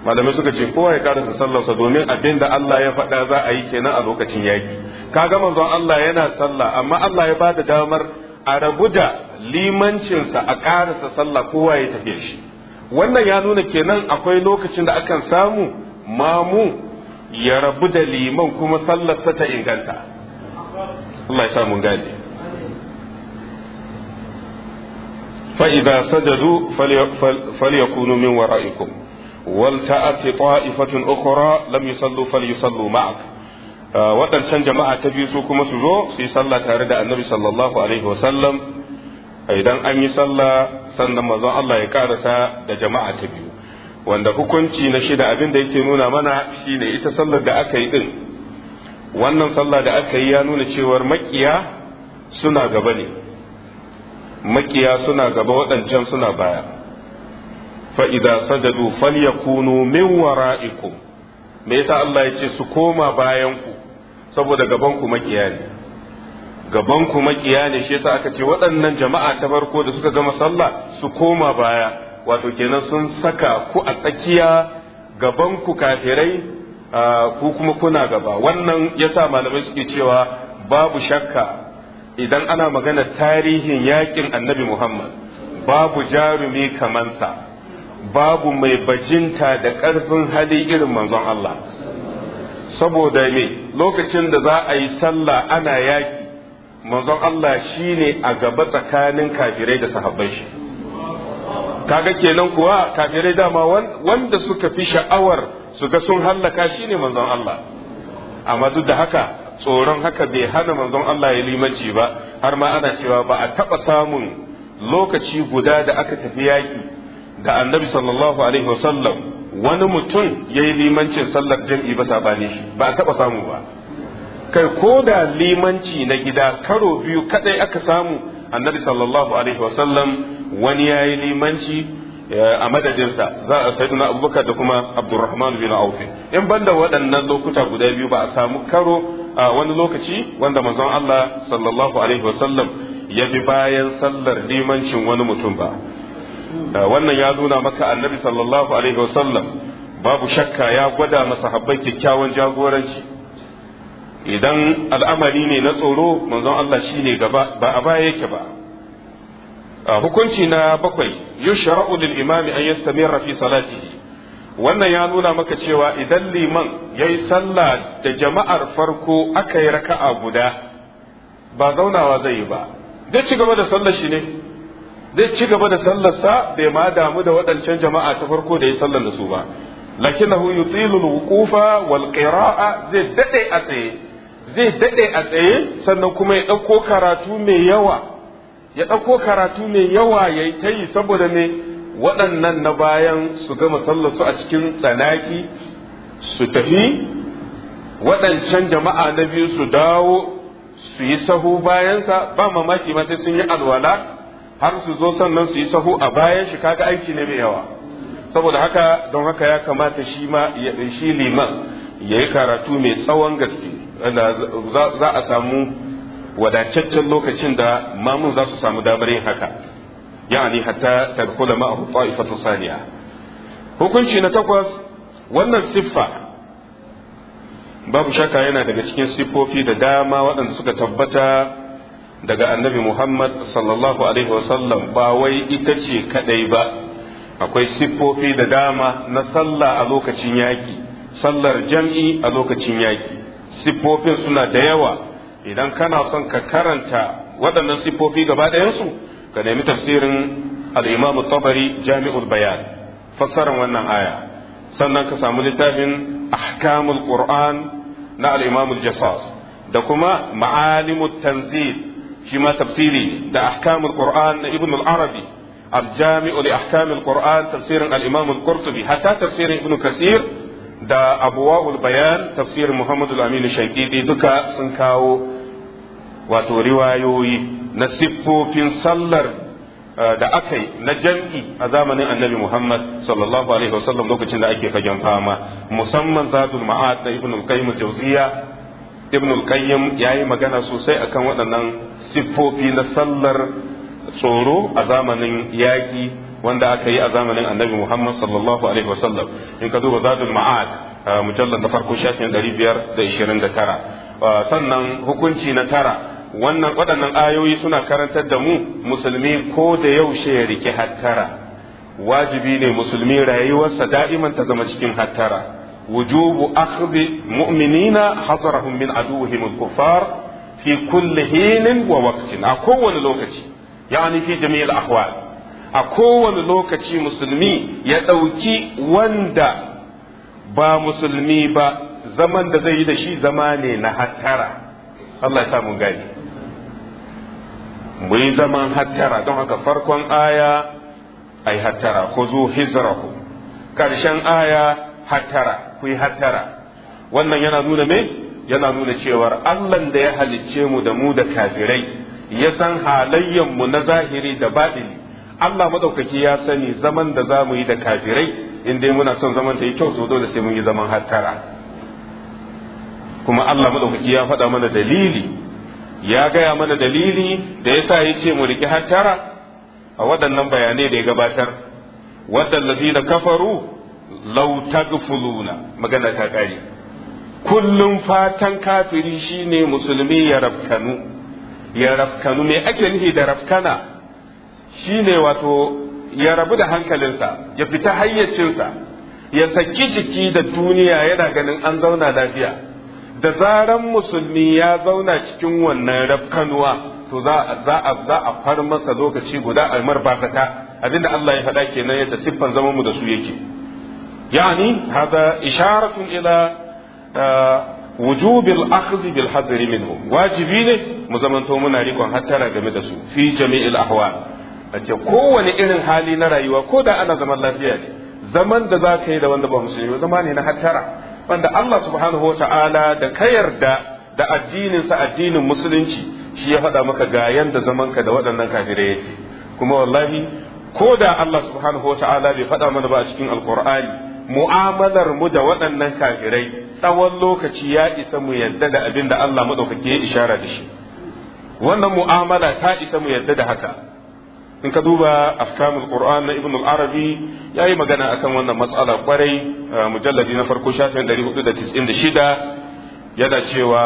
malamai suka ce kowa ya karasa sallarsa domin abin da Allah ya faɗa za a yi kenan a lokacin yaki gama manzon Allah yana sallah amma Allah ya bada damar a rabu da limancinsa a karasa sallah kowa ya tafiye shi wannan ya nuna kenan akwai lokacin da akan samu mamu ya rabu da liman kuma sallarsa ta inganta Allah ya sa mun gane فإذا سجدوا فليكونوا من ورائكم ولتأت طائفة أخرى لم يصلوا فليصلوا معك waɗancan jama'a ta biyu su kuma su zo su yi sallah tare da annabi sallallahu alaihi idan an yi sallah sannan mazan Allah ya karasa da jama'a ta biyu wanda hukunci na shida abin da yake nuna mana shine ita sallar da aka yi din wannan sallah da aka yi ya nuna cewar makiya suna gaba ne makiya suna gaba waɗancan suna baya fa'iza sajadu falyakunu min wara'ikum me yasa Allah ya ce su koma bayan ku saboda gabanku ku makiya ne gaban ku makiya ne shi yasa aka ce waɗannan jama'a ta farko da suka gama sallah su koma baya wato kenan sun saka ku a tsakiya gaban ku kafirai ku kuma kuna gaba wannan yasa malamai suke cewa babu shakka idan ana magana tarihin yakin annabi Muhammad babu jarumi kamansa babu mai bajinta da ƙarfin hali irin manzon Allah saboda me lokacin da za a yi sallah ana yaki manzon Allah shine a gaba tsakanin kafirai da sahabbai shi kaga kenan kuwa kafirai dama wanda suka fi sha'awar su ga sun hallaka shine manzon Allah amma duk da haka tsoron haka bai hana manzon Allah ya limanci ba har ma ana cewa ba a taba samun lokaci guda da aka tafi yaki da annabi sallallahu alaihi wasallam wani mutum ya yi limancin sallar jam'i ba sabani shi ba a taba samu ba kai ko da limanci na gida karo biyu kadai aka samu annabi sallallahu alaihi wasallam wani ya yi limanci eh, a madadinsa za a sai na abubakar da kuma abdurrahman bin auf in banda waɗannan lokuta guda biyu ba a samu karo a wani lokaci wanda manzon Allah sallallahu alaihi wasallam ya bi bayan sallar limancin wani mutum ba eh, wannan ya nuna maka annabi sallallahu alaihi wasallam babu shakka ya gwada masahabbai kyakkyawan jagoranci idan al'amari ne na tsoro manzon Allah shi ne gaba ba a baya yake ba hukunci na bakwai yushra'u lil imami an yastamirra fi salatihi wannan ya nuna maka cewa idan liman yayi sallah da jama'ar farko aka yi raka'a guda ba zaunawa zai yi ba zai ci gaba da sallar shi ne zai ci gaba da sallar sa bai ma damu da waɗancan jama'a ta farko da ya sallar da su ba lakinnahu yutilu al-wuqufa wal qira'a zai dade a tsaye zai daɗe a tsaye sannan kuma ya ɗauko karatu mai yawa ya ɗauko karatu mai yawa ya yi ta saboda ne waɗannan na bayan su gama sallarsu a cikin tsanaki su tafi waɗancan jama'a na biyu su dawo su yi sahu bayansa ba mamaki ma sai sun yi alwala har su zo sannan su yi sahu a bayan shi kaga aiki ne mai yawa saboda haka don haka ya kamata shi ma ya shi liman ya yi karatu mai tsawon gaske za a samu wadataccen lokacin da mamun za su samu damar yin haka yani hatta tadkhula ma'ahu ta'ifatu saniya hukunci na takwas wannan siffa babu shaka yana daga cikin siffofi da dama waɗanda suka tabbata daga annabi Muhammad sallallahu alaihi wasallam ba wai ita ce kadai ba akwai siffofi da dama na sallah a lokacin yaƙi, sallar jam'i a lokacin yaƙi. siffofin suna da yawa idan kana son ka karanta waɗannan siffofi gaba ɗayansu ka nemi tafsirin al tabari jami'ul bayan fassarar wannan aya sannan ka samu littafin ahkamul qur'an na al-imamu da kuma ma'alimu tanzil shi ma tafsiri da ahkamul qur'an na ibn al-arabi al-jami'u li ahkamil qur'an tafsirin al-imamu al-qurtubi hatta tafsirin ibn kasir da abuwa'ul bayan tafsir muhammadu aminu shankidi duka sun kawo wato riwayoyi na siffofin sallar eh, da aka yi na jam'i a zamanin annabi muhammad sallallahu alaihi wasallam lokacin da ake fagen fama musamman zadul ma'ad na ibn al-qayyim jawziya ibn al-qayyim yayi magana sosai akan waɗannan siffofi na sallar tsoro a zamanin yaƙi wanda aka yi a zamanin annabi Muhammad sallallahu alaihi wasallam in ka duba zadul ma'ad mujallar na farko shafin tara. sannan hukunci na tara wannan waɗannan ayoyi suna karantar da mu musulmi ko da yaushe ya rike hattara wajibi ne musulmi rayuwarsa da'iman ta zama cikin hattara wujubu akhdhi mu'minina hazarahum min aduwwihim al fi kulli hinin wa waqtin a kowane lokaci yani fi jami'il ahwal a kowane lokaci musulmi ya ɗauki wanda ba musulmi ba zaman da zai yi da shi zama ne na hattara Allah ya samu gani mu yi zaman hattara don haka farkon aya ai hattara ku zo hizrahu karshen aya hattara ku yi hattara wannan yana nuna me yana nuna cewar Allah da ya halicce mu da mu da kafirai ya san halayyanmu na zahiri da baɗini Allah madaukaki ya sani zaman da za mu yi da kafirai in dai muna son zaman ta yi kyau to dole sai mun yi zaman tara. kuma Allah madaukaki ya faɗa mana dalili ya gaya mana dalili da ya sa ya ce mu riki hattara a waɗannan bayanai da ya gabatar waɗallafi da kafaru lau tagfuluna magana ta ƙari kullum fatan kafiri shine musulmi ya rafkanu ya rafkanu me ake nufi da rafkana Shi ne wato ya rabu da hankalinsa ya fita hayyacinsa ya saki jiki da duniya yana ganin an zauna lafiya da zaran musulmi ya zauna cikin wannan rafkanuwa to za a za a far masa lokaci guda a abinda Allah ya faɗa kenan yadda siffan zaman mu da su yake yani hada isharatun ila ah, wujubil akhdhi bil hadri minhu wajibi ne mu zamanto muna rikon hattara game da su fi jami'il ahwal a ce kowane irin hali na rayuwa ko da ana zaman lafiya ne zaman da za ka yi da wanda ba musulmi ba zama ne na hattara wanda Allah subhanahu wa ta'ala da ka yarda da addinin sa addinin musulunci shi ya faɗa maka ga yanda zaman ka da waɗannan kafirai yake kuma wallahi ko da Allah subhanahu wa ta'ala bai faɗa mana ba a cikin alqur'ani mu'amalar mu da waɗannan kafirai tsawon lokaci ya isa mu yarda da abin da Allah madaukake ya ishara da shi wannan mu'amala ta isa mu yarda da haka in ka duba ahkamul qur'an na ibn al-arabi yayi magana akan wannan matsala kwarai mujalladi na farko shafin 496 yana cewa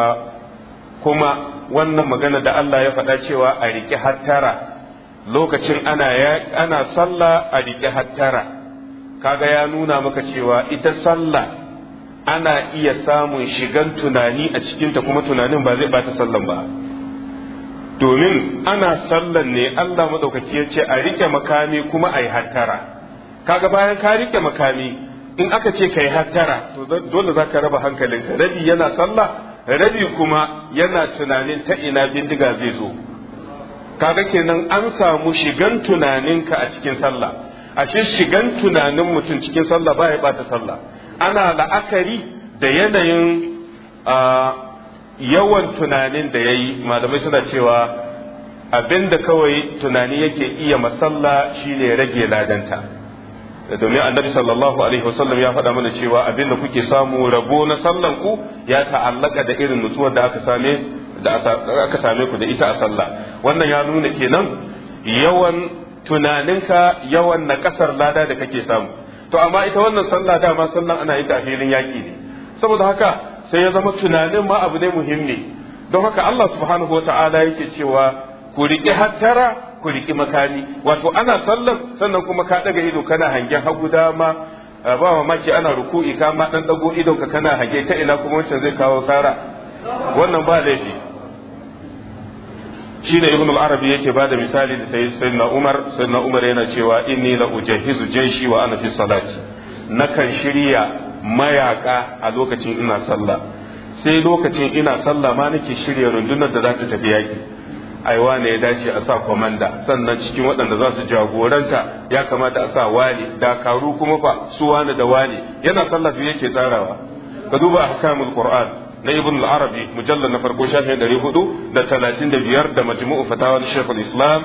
kuma wannan magana da Allah ya faɗa cewa a riƙe hattara lokacin ana ana sallah a riƙe hattara kaga ya nuna maka cewa ita sallah ana iya samun shigan tunani a cikinta kuma tunanin ba zai bata sallan ba domin ana sallan ne Allah madaukaki ya ce a rike makami kuma a yi hattara kaga bayan ka rike makami in aka ce ka yi hattara to dole za ka raba hankalinka rabi yana sallah rabi kuma yana tunanin ta ina bindiga zai zo kaga kenan an samu shigan tunaninka a cikin sallah ashe shigan tunanin mutum cikin sallah ba ya bata sallah ana la'akari da yanayin ah, yawan tunanin da ya yi malamai suna cewa abinda kawai tunani yake iya masalla shine rage ladanta domin annabi sallallahu alaihi wasallam ya faɗa mana cewa abinda kuke samu rabo na sallan ku ya ta'allaka da irin nutsuwar da aka same ku da ita a sallah wannan ya nuna kenan yawan tunaninka yawan na kasar lada da kake samu to amma ita wannan sallah dama sallan ana yin a filin yaƙi ne saboda haka sai ya zama tunanin ma abu ne muhimmi don haka Allah subhanahu wa ta'ala yake cewa ku riƙi hattara ku riƙi makami wato ana sallar sannan kuma ka ɗaga ido kana hangen hagu dama ba mamaki ana ruku'i ka ma ɗan ɗago ido ka kana hange ta ina kuma wancan zai kawo sara wannan ba laifi shine ibn al-arabi yake bada misali da sai sayyidina umar sayyidina umar yana cewa inni la ujahizu jaishi wa ana fi salati nakan shirya mayaka a lokacin ina sallah sai lokacin ina sallah ma nake shirya rundunar da za ta tafi yaki aiwa ne ya dace a sa komanda sannan cikin waɗanda za su jagoranta ya kamata a sa wali dakaru kuma fa su wani da wali yana sallah biyu yake tsarawa ka duba ahkamul qur'an na ibn al-arabi mujallal na farko shafin 435 da majmu'u fatawa shaykhul islam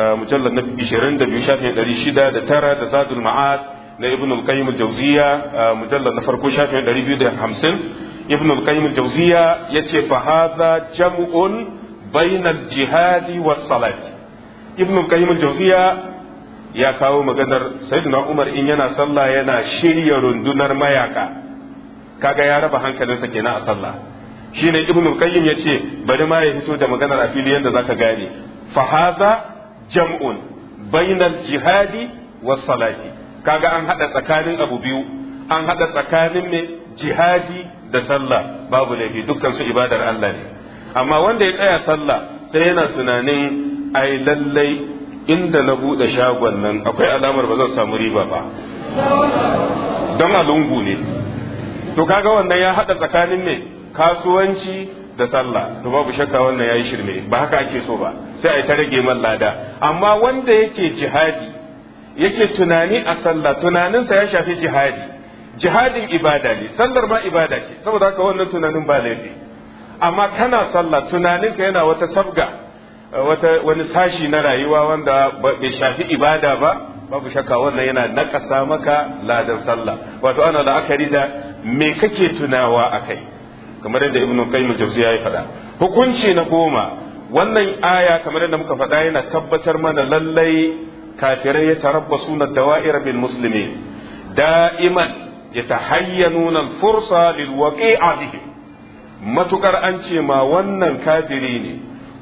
eh, mujallal na 22 shafin 609 da zadul ma'ad na ibn al-qayyim al-jawziya mujallad na farko shafin 250 ibn al-qayyim al-jawziya yace fa hadha jam'un bayna al-jihad wa salat ibn al-qayyim al-jawziya ya kawo maganar sayyidina umar in yana sallah yana shirya rundunar mayaka kaga ya raba hankalinsa kenan a sallah shine ibn al-qayyim yace bari ma ya fito da maganar a fili yanda zaka gane fa hadha jam'un bayna al-jihad wa salati kaga an hada tsakanin abu biyu an hada tsakanin mai jihadi da sallah babu laifi dukkan su ibadar Allah ne amma wanda ya tsaya sallah sai yana tunanin ai lallai inda na bude shagon nan akwai alamar ba zan samu riba ba don alungu ne to kaga wannan ya hada tsakanin mai kasuwanci da sallah to babu shakka wannan yayi shirme ba haka ake so ba sai ai ta rage man lada amma wanda yake jihadi yake tunani a sallah tunaninsa ya shafi jihadi jihadin ibada ne sallar ma ibada ce saboda haka wannan tunanin ba laifi amma kana sallah tunaninka yana wata sabga wata wani sashi na rayuwa wanda bai shafi ibada ba babu shakka wannan yana nakasa maka ladan sallah wato ana la'akari da me kake tunawa akai kamar yadda ibnu qayyim jawziya ya faɗa hukunci na goma wannan aya kamar yadda muka faɗa yana tabbatar mana lallai kafirai ya tarabbasu na dawa'ira bil musulmi da'iman ya tahayyanuna al-fursa lil waqi'a bihi an ce ma wannan kafiri ne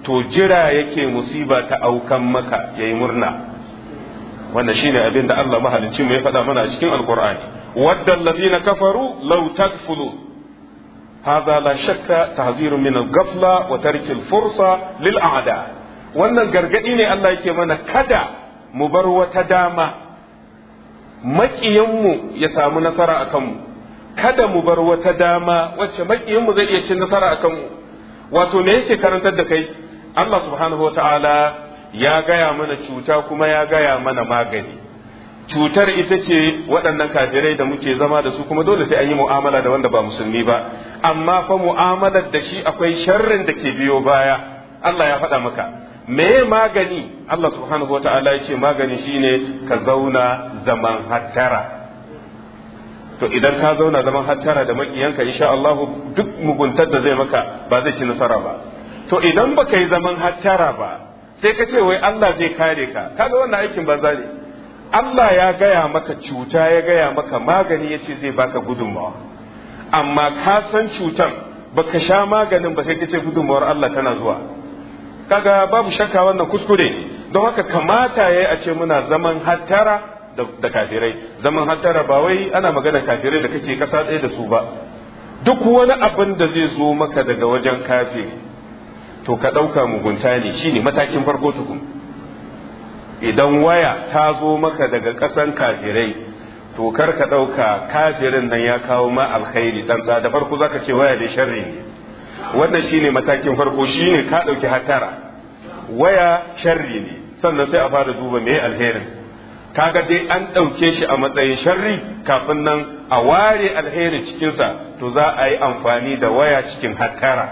to jira yake musiba ta aukan maka yayi murna wannan shine abin da Allah mahalicci mu ya faɗa mana a cikin alqur'ani na allazina kafaru law takfulu هذا لا شك تحذير من الغفلة وترك الفرصة للأعداء wannan gargaɗi ne Allah yake mana kada mu bar wata dama maƙiyanmu ya samu nasara a kanmu kada mu bar wata dama wacce maƙiyanmu zai iya cin nasara a kanmu wato me yake karantar da kai Allah subhanahu wata'ala ya gaya mana cuta kuma ya gaya mana magani cutar ita ce waɗannan kafirai da muke zama da su kuma dole sai an yi mu'amala da wanda ba musulmi ba amma fa mu'amalar da shi akwai sharrin da ke biyo baya Allah ya faɗa maka Me magani Allah subhanahu wata'ala ya ce magani shine ka zauna zaman hattara to idan ka zauna zaman hattara da makiyanka insha Allah duk muguntar da zai maka ba zai ci nasara ba to idan baka yi zaman hattara ba sai ka ce wai Allah zai kare ka kaga wannan aikin banza ne Allah ya gaya maka cuta ya gaya maka magani ya ce zai baka gudunmawa amma ka san cutan baka sha maganin ba sai ka ce gudunmawar Allah tana zuwa kaga babu shakka wannan kuskure don haka kamata yayi a ce muna zaman hattara da kafirai zaman hattara ba wai ana magana kafirai da kake kasa ɗaya da su ba duk wani abin da zai zo maka daga wajen kafiri to ka ɗauka mugunta ne shine matakin farko tukun idan waya ta zo maka daga ƙasan kafirai to kar ka ɗauka kafirin nan ya kawo ma alkhairi tsantsa da farko zaka ce waya da sharri ne wannan shine matakin farko shine ka dauki hatara waya sharri ne sannan sai a fara duba me alherin kaga dai an dauke shi a matsayin sharri kafin nan a ware alherin cikinsa to za a yi amfani da waya cikin hatara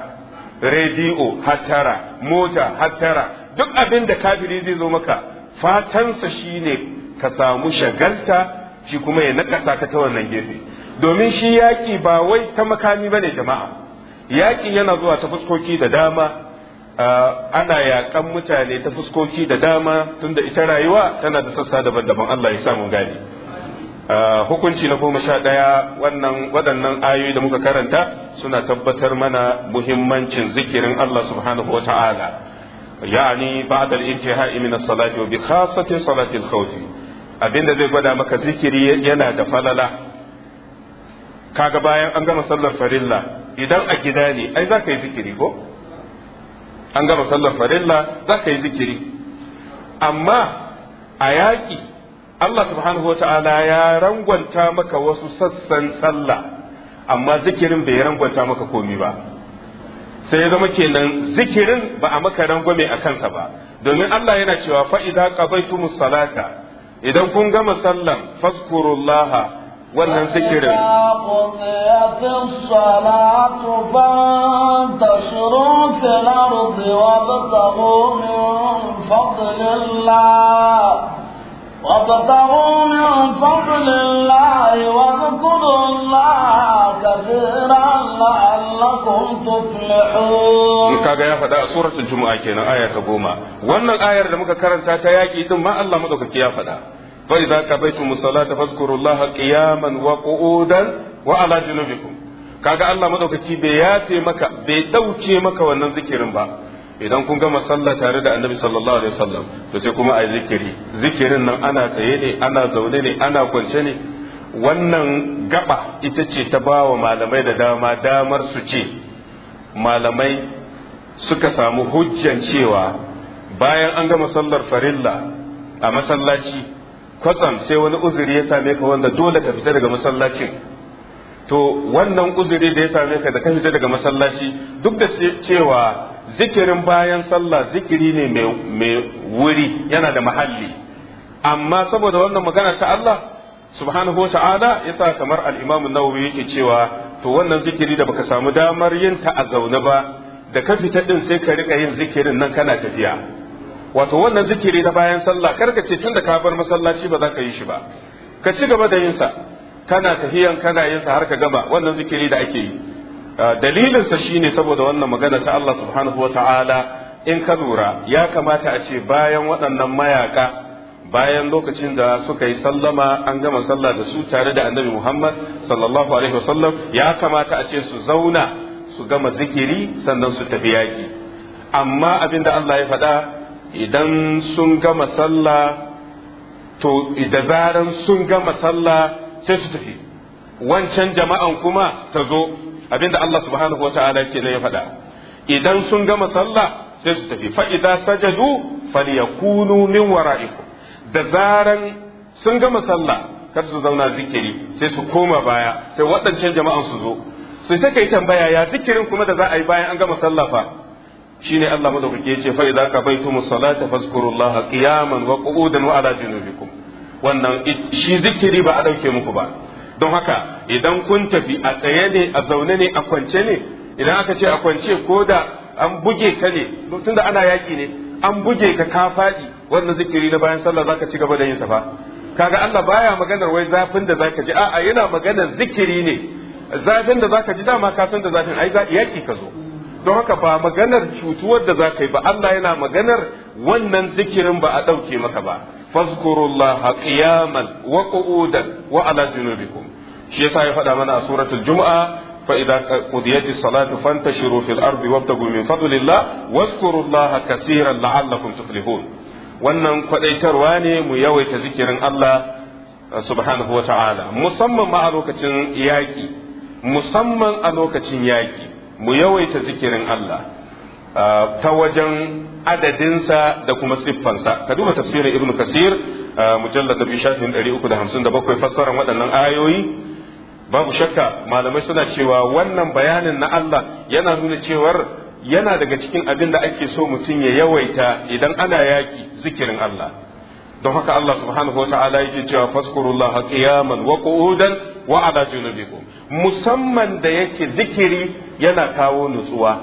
rediyo hatara mota hatara duk abin da kafiri zai zo maka fatansa shine ka samu shagalta shi kuma ya nakasa ka ta wannan gefe domin shi yaki ba wai ta makami bane jama'a yaƙi yana zuwa ta fuskoki da dama ana yaƙan mutane ta fuskoki da dama tunda ita rayuwa tana da sassa daban-daban Allah ya samu gani hukunci na goma sha ɗaya wannan waɗannan ayoyi da muka karanta suna tabbatar mana muhimmancin zikirin Allah subhanahu wa ta'ala yani ba'da al-intihai min as-salati wa bi khassati salati al-khawf abinda zai gwada maka zikiri yana da falala kaga bayan an gama sallar farilla idan a gida ne ai za ka yi zikiri ko an gama sallar farilla za ka yi zikiri amma a yaƙi Allah subhanahu wa ta'ala ya rangwanta maka wasu sassan sallah amma zikirin bai rangwanta maka komi ba sai ya zama kenan zikirin ba a maka rangwame a kansa ba domin Allah yana cewa fa'ida ƙabaitumus musalata idan kun gama sallan fazkurullaha wannan zikirin وابتغوا من فضل الله واذكروا الله كثيرا لعلكم تفلحون kaga ya faɗa a suratul juma'a kenan aya ta goma wannan ayar da muka karanta ta yaƙi din ma Allah madaukaki ya faɗa fa idza qabaitum salata fadhkurullaha qiyaman wa qu'udan wa Allah madaukaki bai yafe maka bai dauke maka wannan zikirin ba idan kun gama sallah tare da annabi sallallahu alaihi wasallam to sai kuma a zikiri zikirin nan ana tsaye ne ana zaune ne ana kwance ne wannan gaba ita ce ta bawa malamai da dama damar su ce malamai suka samu hujjan cewa bayan an gama sallar farilla a masallaci kwatsam sai wani uzuri ya same ka wanda dole ka fita daga masallacin to wannan uzuri da ya same ka da ka fita daga masallaci duk da cewa zikirin bayan sallah zikiri ne mai wuri yana da mahalli amma saboda wannan magana ta Allah subhanahu ta'ala yasa kamar al-Imam nawawi yake cewa to wannan zikiri da baka samu damar yin ta a zaune ba da ka fita din sai ka rika yin zikirin nan kana tafiya wato wannan zikiri na bayan sallah kar ka ce da ka bar masallaci ba za ka yi shi ba ka ci gaba da yin sa kana tahiyan kana yin sa har ka gama wannan zikiri da ake yi ah, dalilin sa shine saboda wannan magana ta Allah subhanahu wataala in ka lura ya kamata a ce bayan waɗannan mayaka bayan lokacin da suka yi sallama an gama sallah da su tare da annabi Muhammad sallallahu alaihi wasallam ya kamata a ce su zauna su gama zikiri sannan su tafi yaki amma abin da Allah ya faɗa idan sun gama sallah to da zaran sun gama sallah sai su tafi wancan jama'an kuma ta zo abinda Allah subhanahu wa ta'ala ke ya faɗa idan sun gama sallah sai su tafi fa'ida sajadu falyakunu min wara'ikum da zaran sun gama sallah kar su zauna zikiri sai su koma baya sai waɗancan jama'an su zo sai take yi tambaya ya zikirin kuma da za a yi bayan an gama sallah fa shine Allah madaukake yace fa idza qadaytumus salata fazkurullaha qiyaman wa qu'udan wa ala junubikum wannan shi zikiri ba a dauke muku ba don haka idan kun tafi a tsaye ne a zaune ne a kwance ne idan aka ce a kwance ko da an buge ka ne tunda ana yaki ne an buge ka ka faɗi wannan zikiri na bayan sallah zaka ci gaba da yin sa fa kaga Allah baya maganar wai zafin da zaka ji a'a yana maganar zikiri ne zafin da zaka ji dama ka san da zafin ai yaki ka zo don haka ba maganar cutuwar da za ka yi ba Allah yana maganar wannan zikirin ba a ɗauke maka ba fazkurullaha qiyaman wa qu'udan wa ala junubikum shi yasa ya faɗa mana a suratul jumu'a fa idza qudiyatis salatu fantashiru fil ardi wabtagu min fadlillah wazkurullaha kaseeran la'allakum tuflihun wannan kwadaitarwa ne mu yawaita zikirin Allah subhanahu wa ta'ala musamman ma a lokacin yaki musamman a lokacin yaki mu yawaita zikirin Allah uh, ta wajen adadinsa da kuma siffansa ka duba tafsirin ibnu kasir uh, mujallad da shafin 357 fassarar waɗannan ayoyi babu shakka malamai suna cewa wannan bayanin na Allah yana nuna cewar yana daga cikin abin da ake so mutum ya yawaita idan ana yaki zikirin Allah don haka Allah subhanahu wata'ala yake cewa fazkurullah qiyaman wa qu'udan wa ala junubikum musamman da yake zikiri yana kawo nutsuwa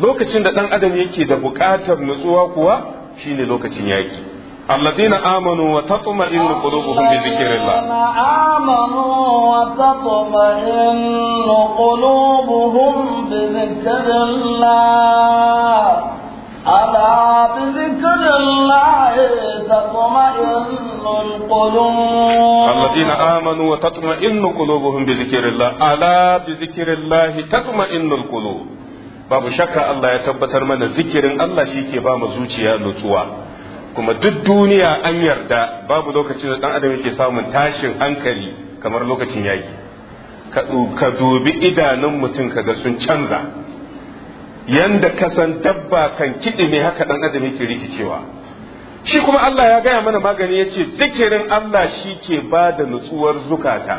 lokacin da dan adam yake da buƙatar nutsuwa kuwa shine lokacin yaki الذين آمنوا وتطمئن قلوبهم بذكر الله آمنوا وتطمئن قلوبهم بذكر الله ألا بذكر الله تطمئن القلوب الذين آمنوا وتطمئن قلوبهم بذكر الله ألا بذكر الله تطمئن القلوب babu shakka Allah ya tabbatar mana zikirin Allah shi ke ba mu zuciya nutsuwa kuma duk duniya an yarda babu lokacin da dan adam yake samun tashin hankali kamar lokacin yaki ka dubi idanun mutum kaga sun canza yanda kasan dabba kan kiɗi mai haka ɗan adam yake rikicewa shi kuma Allah ya gaya mana magani ya ce zikirin Allah shi ke ba da nutsuwar zukata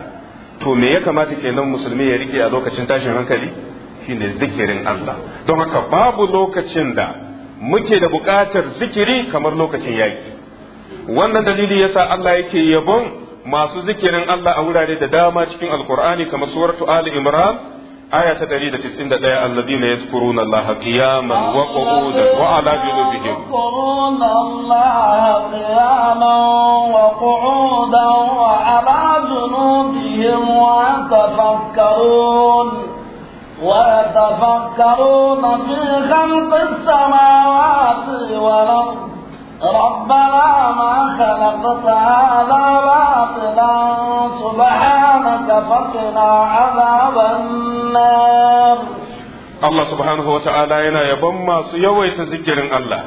to me ya kamata kenan musulmi ya rike a lokacin tashin hankali shine zikirin Allah don haka babu lokacin da muke da buƙatar zikiri kamar lokacin yaƙi wannan dalili yasa Allah yake yabon masu zikirin Allah a wurare da dama cikin alkur'ani kamar suratu ali imran آية تريد تسين الذين يذكرون الله قياما وقعودا وعلى جنوبهم يذكرون الله قياما وقعودا وعلى جنوبهم ويتفكرون ويتفكرون في خلق السماوات والأرض ربنا ما خلقت هذا باطلا سبحانك فقنا عذاب النار الله سبحانه وتعالى ينا يبن ما سيوي تذكر الله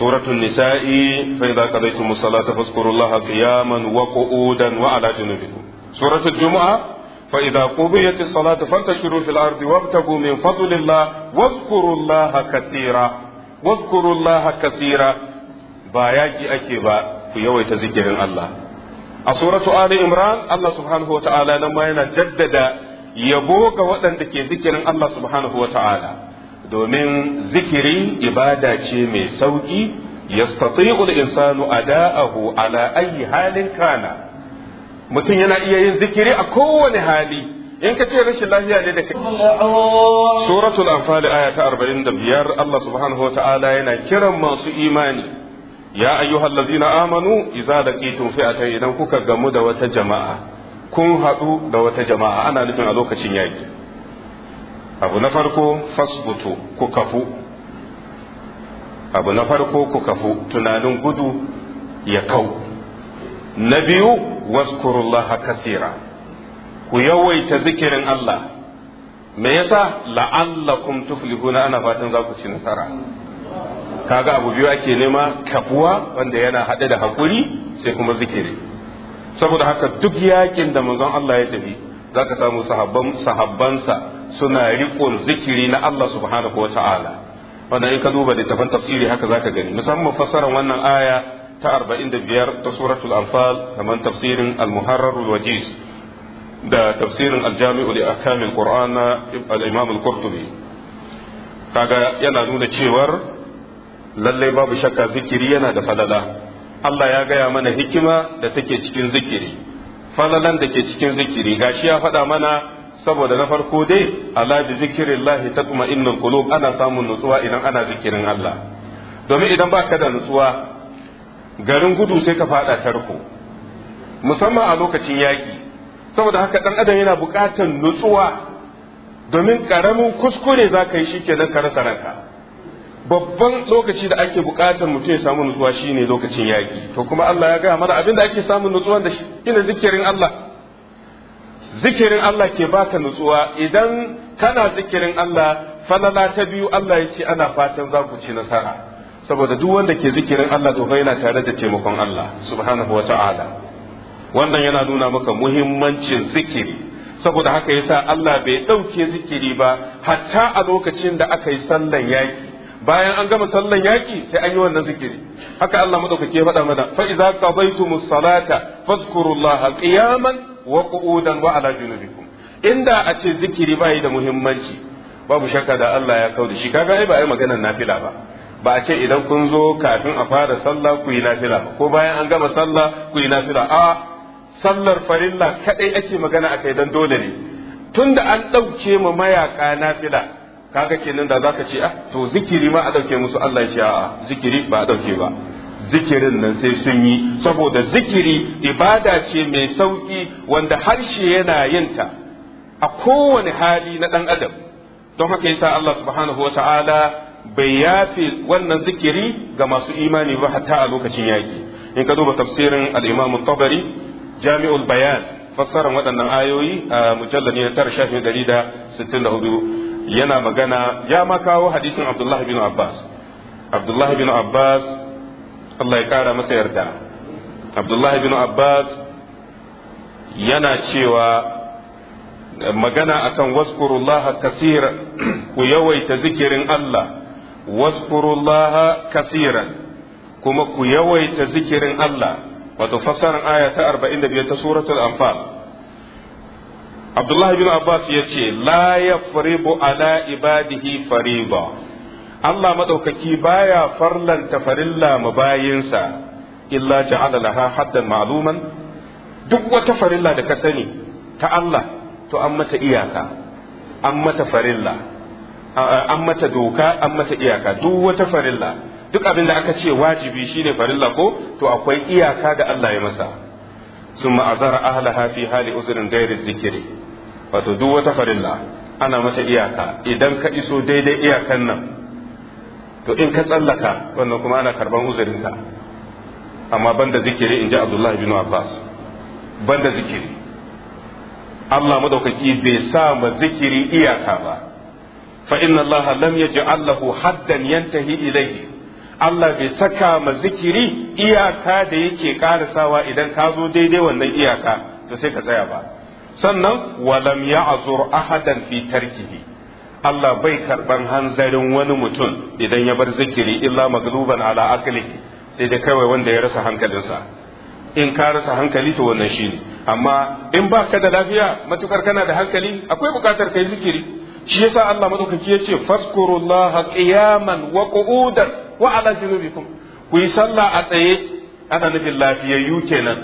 سورة النساء فإذا قضيتم الصلاة فاذكروا الله قياما وقعودا وعلى جنوبكم سورة الجمعة فإذا قضيت الصلاة فانتشروا في الأرض وابتغوا من فضل الله واذكروا الله كثيرا wazkurullaha kasira ba yaki ake ba ku yawaita zikirin Allah a suratu ali imran Allah subhanahu wa ta'ala nan ma yana jaddada yabo ga waɗanda ke zikirin Allah subhanahu wa ta'ala domin zikiri ibada ce mai sauki yastati'u al-insanu ada'ahu ala ayyi halin kana mutum yana iya yin zikiri a kowane hali in ka ce rashin lafiya ne da kai suratul anfal aya ta 45 Allah subhanahu wataala yana kiran masu imani ya ayyuhal ladzina amanu idza laqitum fi'atan idan kuka gamu da wata jama'a kun haɗu da wata jama'a ana nufin a lokacin yaki abu na farko fasbutu ku kafu abu na farko ku kafu tunanin gudu ya kau na biyu waskurullaha kasira ku yawaita zikirin Allah me yasa la'allakum tuflihuna ana fatan za ku ci nasara kaga abu biyu ake nema kafuwa wanda yana haɗe da hakuri sai kuma zikiri saboda haka duk yakin da manzon Allah ya tafi zaka samu sahabban sahabbansa suna riƙon zikiri na Allah subhanahu wa ta'ala wannan in ka duba tafan tafsiri haka zaka gani musamman fassarar wannan aya ta 45 ta suratul anfal kamar tafsirin al-muharrar wajiz da tafsirin aljami'u da akamin qur'an na al-imam al-qurtubi kaga yana nuna cewar lallai babu shakka zikiri yana da falala Allah ya gaya mana hikima da take cikin zikiri falalan da ke cikin zikiri gashi ya faɗa mana saboda na farko dai ala bi zikrillahi tatma'innul qulub ana samun nutsuwa idan ana zikirin Allah domin idan baka da nutsuwa garin gudu sai ka faɗa tarko musamman a lokacin yaki saboda haka dan adam yana buƙatar nutsuwa domin karamin kuskure za ka yi shi kenan ka rasa babban lokaci da ake buƙatar mutum ya samu nutsuwa shine lokacin yaki, to kuma Allah ya gaya mana abin da ake samun nutsuwa da shi ina zikirin Allah zikirin Allah ke baka nutsuwa idan kana zikirin Allah falala ta biyu Allah ya ce ana fatan za ku ci nasara saboda duk wanda ke zikirin Allah to yana tare da taimakon Allah subhanahu wa ta'ala wannan yana nuna maka muhimmancin zikiri saboda haka yasa Allah bai ɗauke zikiri ba hatta a lokacin da aka yi sallan yaki bayan an gama sallan yaki sai an yi wannan zikiri haka Allah madaukake ya faɗa mana fa idza qadaytumus salata fadhkurullaha qiyaman wa qu'udan wa ala junubikum inda a ce zikiri bai da muhimmanci babu shakka da Allah ya kauda shi kaga ai ba ai maganar nafila ba ba a ce idan kun zo kafin a fara sallah ku yi nafila ko bayan an gama sallah ku yi nafila a sallar farilla kadai ake magana a kai don dole ne tunda an ɗauke mu mayaka nafila kaga kenan da zaka ce ah to zikiri ma a ɗauke musu Allah ya ce a'a zikiri ba a ɗauke ba zikirin nan sai sun yi saboda zikiri ibada ce mai sauki wanda harshe yana yin ta a kowane hali na dan adam don haka yasa Allah subhanahu wa ta'ala bai yafe wannan zikiri ga masu imani ba hatta a lokacin yaki. in ka duba tafsirin al-Imam Tabari jami'ul bayan fassarar waɗannan ayoyi a mujallar ne tara shafin dari da sittin da hudu yana magana ya ma kawo hadisin abdullah bin abbas abdullah bin abbas allah ya kara masa yarda abdullah bin abbas yana cewa magana akan waskurullaha kasira ku yawaita zikirin allah waskurullaha kasiran kuma ku yawaita zikirin allah wato fassarar aya ta 45 ta suratul anfal Abdullah bin Abbas ya ce la yafribu ala ibadihi fariba Allah madaukaki baya farlanta farilla bayinsa illa ja'ala laha haddan ma'luman duk wata farilla da ka sani ta Allah to an mata iyaka an mata farilla an mata doka an mata iyaka duk wata farilla duk abin da aka ce wajibi shine farilla ko to akwai iyaka da Allah ya masa summa azara ahlaha fi hali uzrin ghairi zikiri wato duk wata farilla ana mata iyaka idan ka iso daidai iyakan nan to in ka tsallaka wannan kuma ana karban uzurin ka amma banda zikiri in ji Abdullahi bin Abbas banda zikiri Allah madaukaki bai sa ma zikiri iyaka ba fa inna Allah lam yaj'al lahu haddan yantahi ilayhi Allah bai saka ma zikiri iyaka da yake karasawa idan ka zo daidai wannan iyaka to sai ka tsaya ba sannan walam ya'zur ahadan fi tarkihi Allah bai karban hanzarin wani mutum idan ya bar zikiri illa magluban ala akli sai dai kawai wanda ya rasa hankalinsa in ka rasa hankali to wannan shine amma in ba ka da lafiya matukar kana da hankali akwai bukatar kai zikiri shi yasa Allah madaukaki yace fazkurullaha qiyaman wa qu'udan wa ala junubikum ku yi sallah a tsaye ana nufin lafiyayyu kenan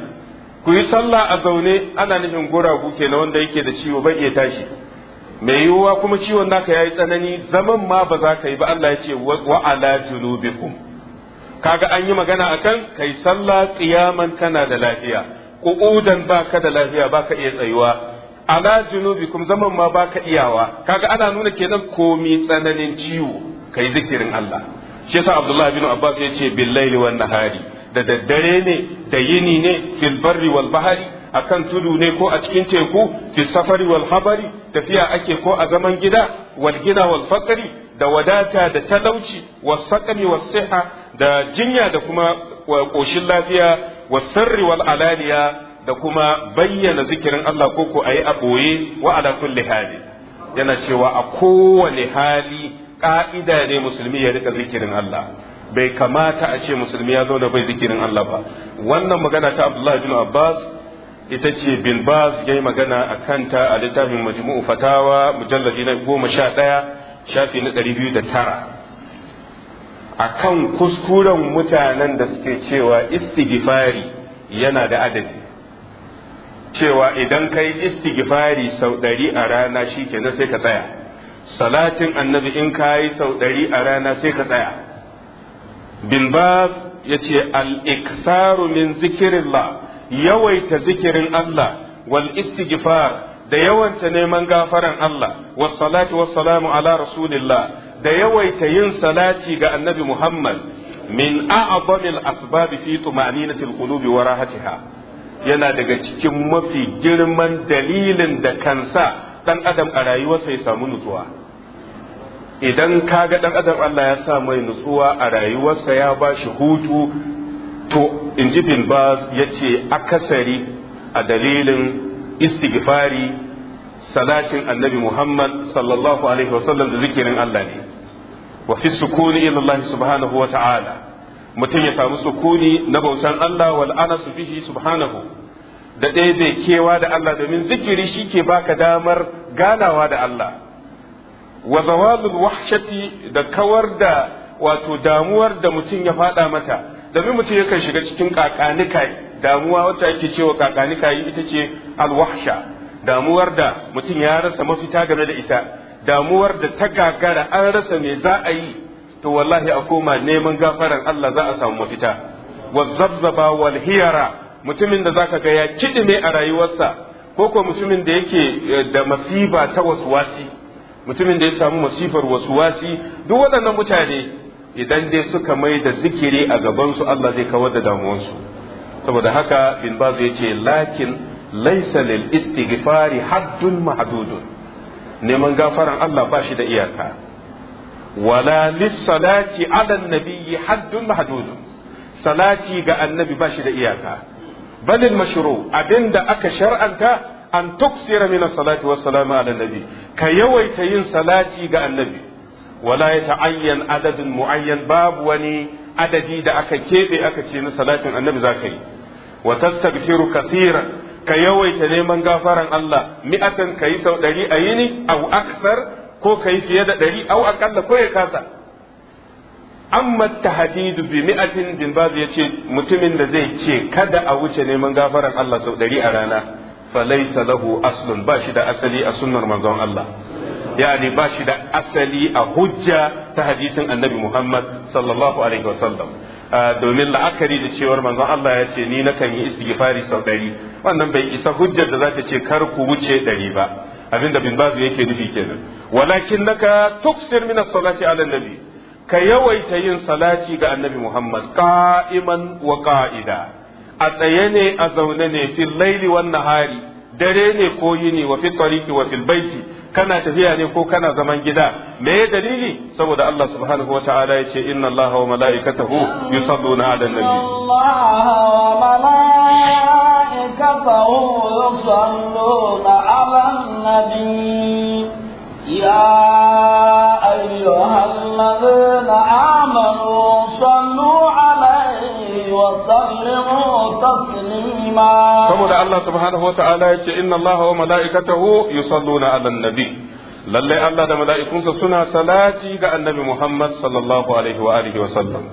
ku yi sallah a zaune ana nufin guragu kenan wanda yake da ciwo bai iya tashi mai yiwuwa kuma ciwon naka yayi tsanani zaman ma ba za ka yi ba Allah ya ce wa ala junubikum kaga an yi magana akan kai sallah qiyaman kana da lafiya ba baka da lafiya baka iya tsayuwa ala junubikum zaman ma baka iyawa kaga ana nuna kenan komi tsananin ciwo kai zikirin Allah shi yasa abdullahi bin abbas ya ce billaili wan nahari da daddare ne da yini ne fil barri wal bahari akan tudu ne ko a cikin teku fi safari wal habari tafiya ake ko a zaman gida wal gina wal fakari da wadata da talauci was sakani was siha da jinya da kuma koshin lafiya was sirri wal alaniya da kuma bayyana zikirin Allah ko ko ayi a boye wa ala kulli hali yana cewa a kowane hali ka'ida ne musulmi ya rika zikirin Allah bai kamata a ce musulmi ya zauna bai zikirin Allah ba wannan magana ta Abdullah bin Abbas ita ce bin Baz ya magana a kanta a littafin majmu'u fatawa mujalladi na goma sha ɗaya shafi na ɗari biyu da tara a kan kuskuren mutanen da suke cewa istighfari yana da adadi cewa idan kai istighfari sau ɗari a rana shi kenan sai ka tsaya salatin annabi in ka yi sau ɗari a rana sai ka tsaya bin bas ya ce al'iksaru min zikirillah yawaita zikirin Allah wal istighfar da yawanta neman gafaran Allah was salatu salamu ala rasulillah da yawaita yin salati ga annabi Muhammad min a'zamil asbab fi tuma'ninatil qulubi wa rahatiha yana daga cikin mafi girman dalilin da kansa dan adam a rayuwarsa ya samu nutsuwa idan ga dan adam Allah ya sa mai nutsuwa a rayuwarsa ya ba shi hutu to in ji bin ya ce akasari a dalilin istighfari salatin annabi muhammad sallallahu alaihi wasallam da zikirin Allah ne wa fi sukuni ila Allah subhanahu wa ta'ala mutum ya samu sukuni na bautan Allah wal anasu bihi subhanahu da ɗaya bai kewa da Allah domin zikiri shi ke baka damar ganawa da Allah wa zawalul wahshati da kawar da wato damuwar da mutum ya faɗa mata domin mutum yakan shiga cikin kakanika damuwa wacce ake cewa kakanika ita ce alwahsha damuwar da mutum ya rasa mafita game da ita damuwar da ta gagara an rasa me za a yi to wallahi a koma neman gafaran Allah za a samu mafita wa zabzaba wal hiyara mutumin da zaka ga ya kidime a rayuwarsa ko ko mutumin da yake eh, da masiba ta waswasi mutumin da ya samu masifar waswasi duk waɗannan mutane idan dai suka mai da zikiri a gabansu Allah zai kawar da damuwarsu saboda haka bin ya ce lakin laysa lil istighfari haddun mahdudun neman gafaran Allah ba shi da iyaka wala lis salati ala nabiyyi haddun mahdudun salati ga annabi ba shi da iyaka bal al abinda aka shar'anta an tuksira min as-salati was-salamu ala nabi ka yawaita yin salati ga annabi wala ya ta'ayyan adadin mu'ayyan babu wani adadi da aka keɓe aka ce na salatin annabi za ka yi wa tastaghfiru kaseeran ka yawaita neman gafaran Allah mi'atan kayi sau ɗari a yini au aksar ko kayi fiye da ɗari au aƙalla ko ya kasa amma tahdidu bi mi'atin bin baz yace mutumin da zai ce kada a wuce neman gafaran Allah sau ɗari a rana falaysa lahu aslun ba shi da asali a sunnar manzon Allah yani ba shi da asali a hujja ta hadisin annabi Muhammad sallallahu alaihi sallam. domin la'akari da cewar manzon Allah ya ce ni nakan yi istighfari sau ɗari wannan bai isa hujjar da za ta ce kar ku wuce ɗari ba abinda bin bazu yake nufi kenan walakin naka tuksir min as-salati ala nabi ka yawaita yin salati ga annabi Muhammad qa'iman wa ƙa'ida. a tsaye ne a zaune ne fil laili wan nahari dare ne ko yini wa fil wa fil baiti kana tafiya ne ko kana zaman gida me dalili saboda Allah subhanahu wa ta'ala ya inna Allaha wa mala'ikatahu yusalluna 'ala an-nabi Allah wa أيها الذين آمنوا صلوا عليه وسلموا تسليما سمع الله سبحانه وتعالى إن الله وملائكته يصلون على النبي lallai Allah da mala'ikunsa suna salati ga annabi Muhammad sallallahu alaihi wa alihi wa sallam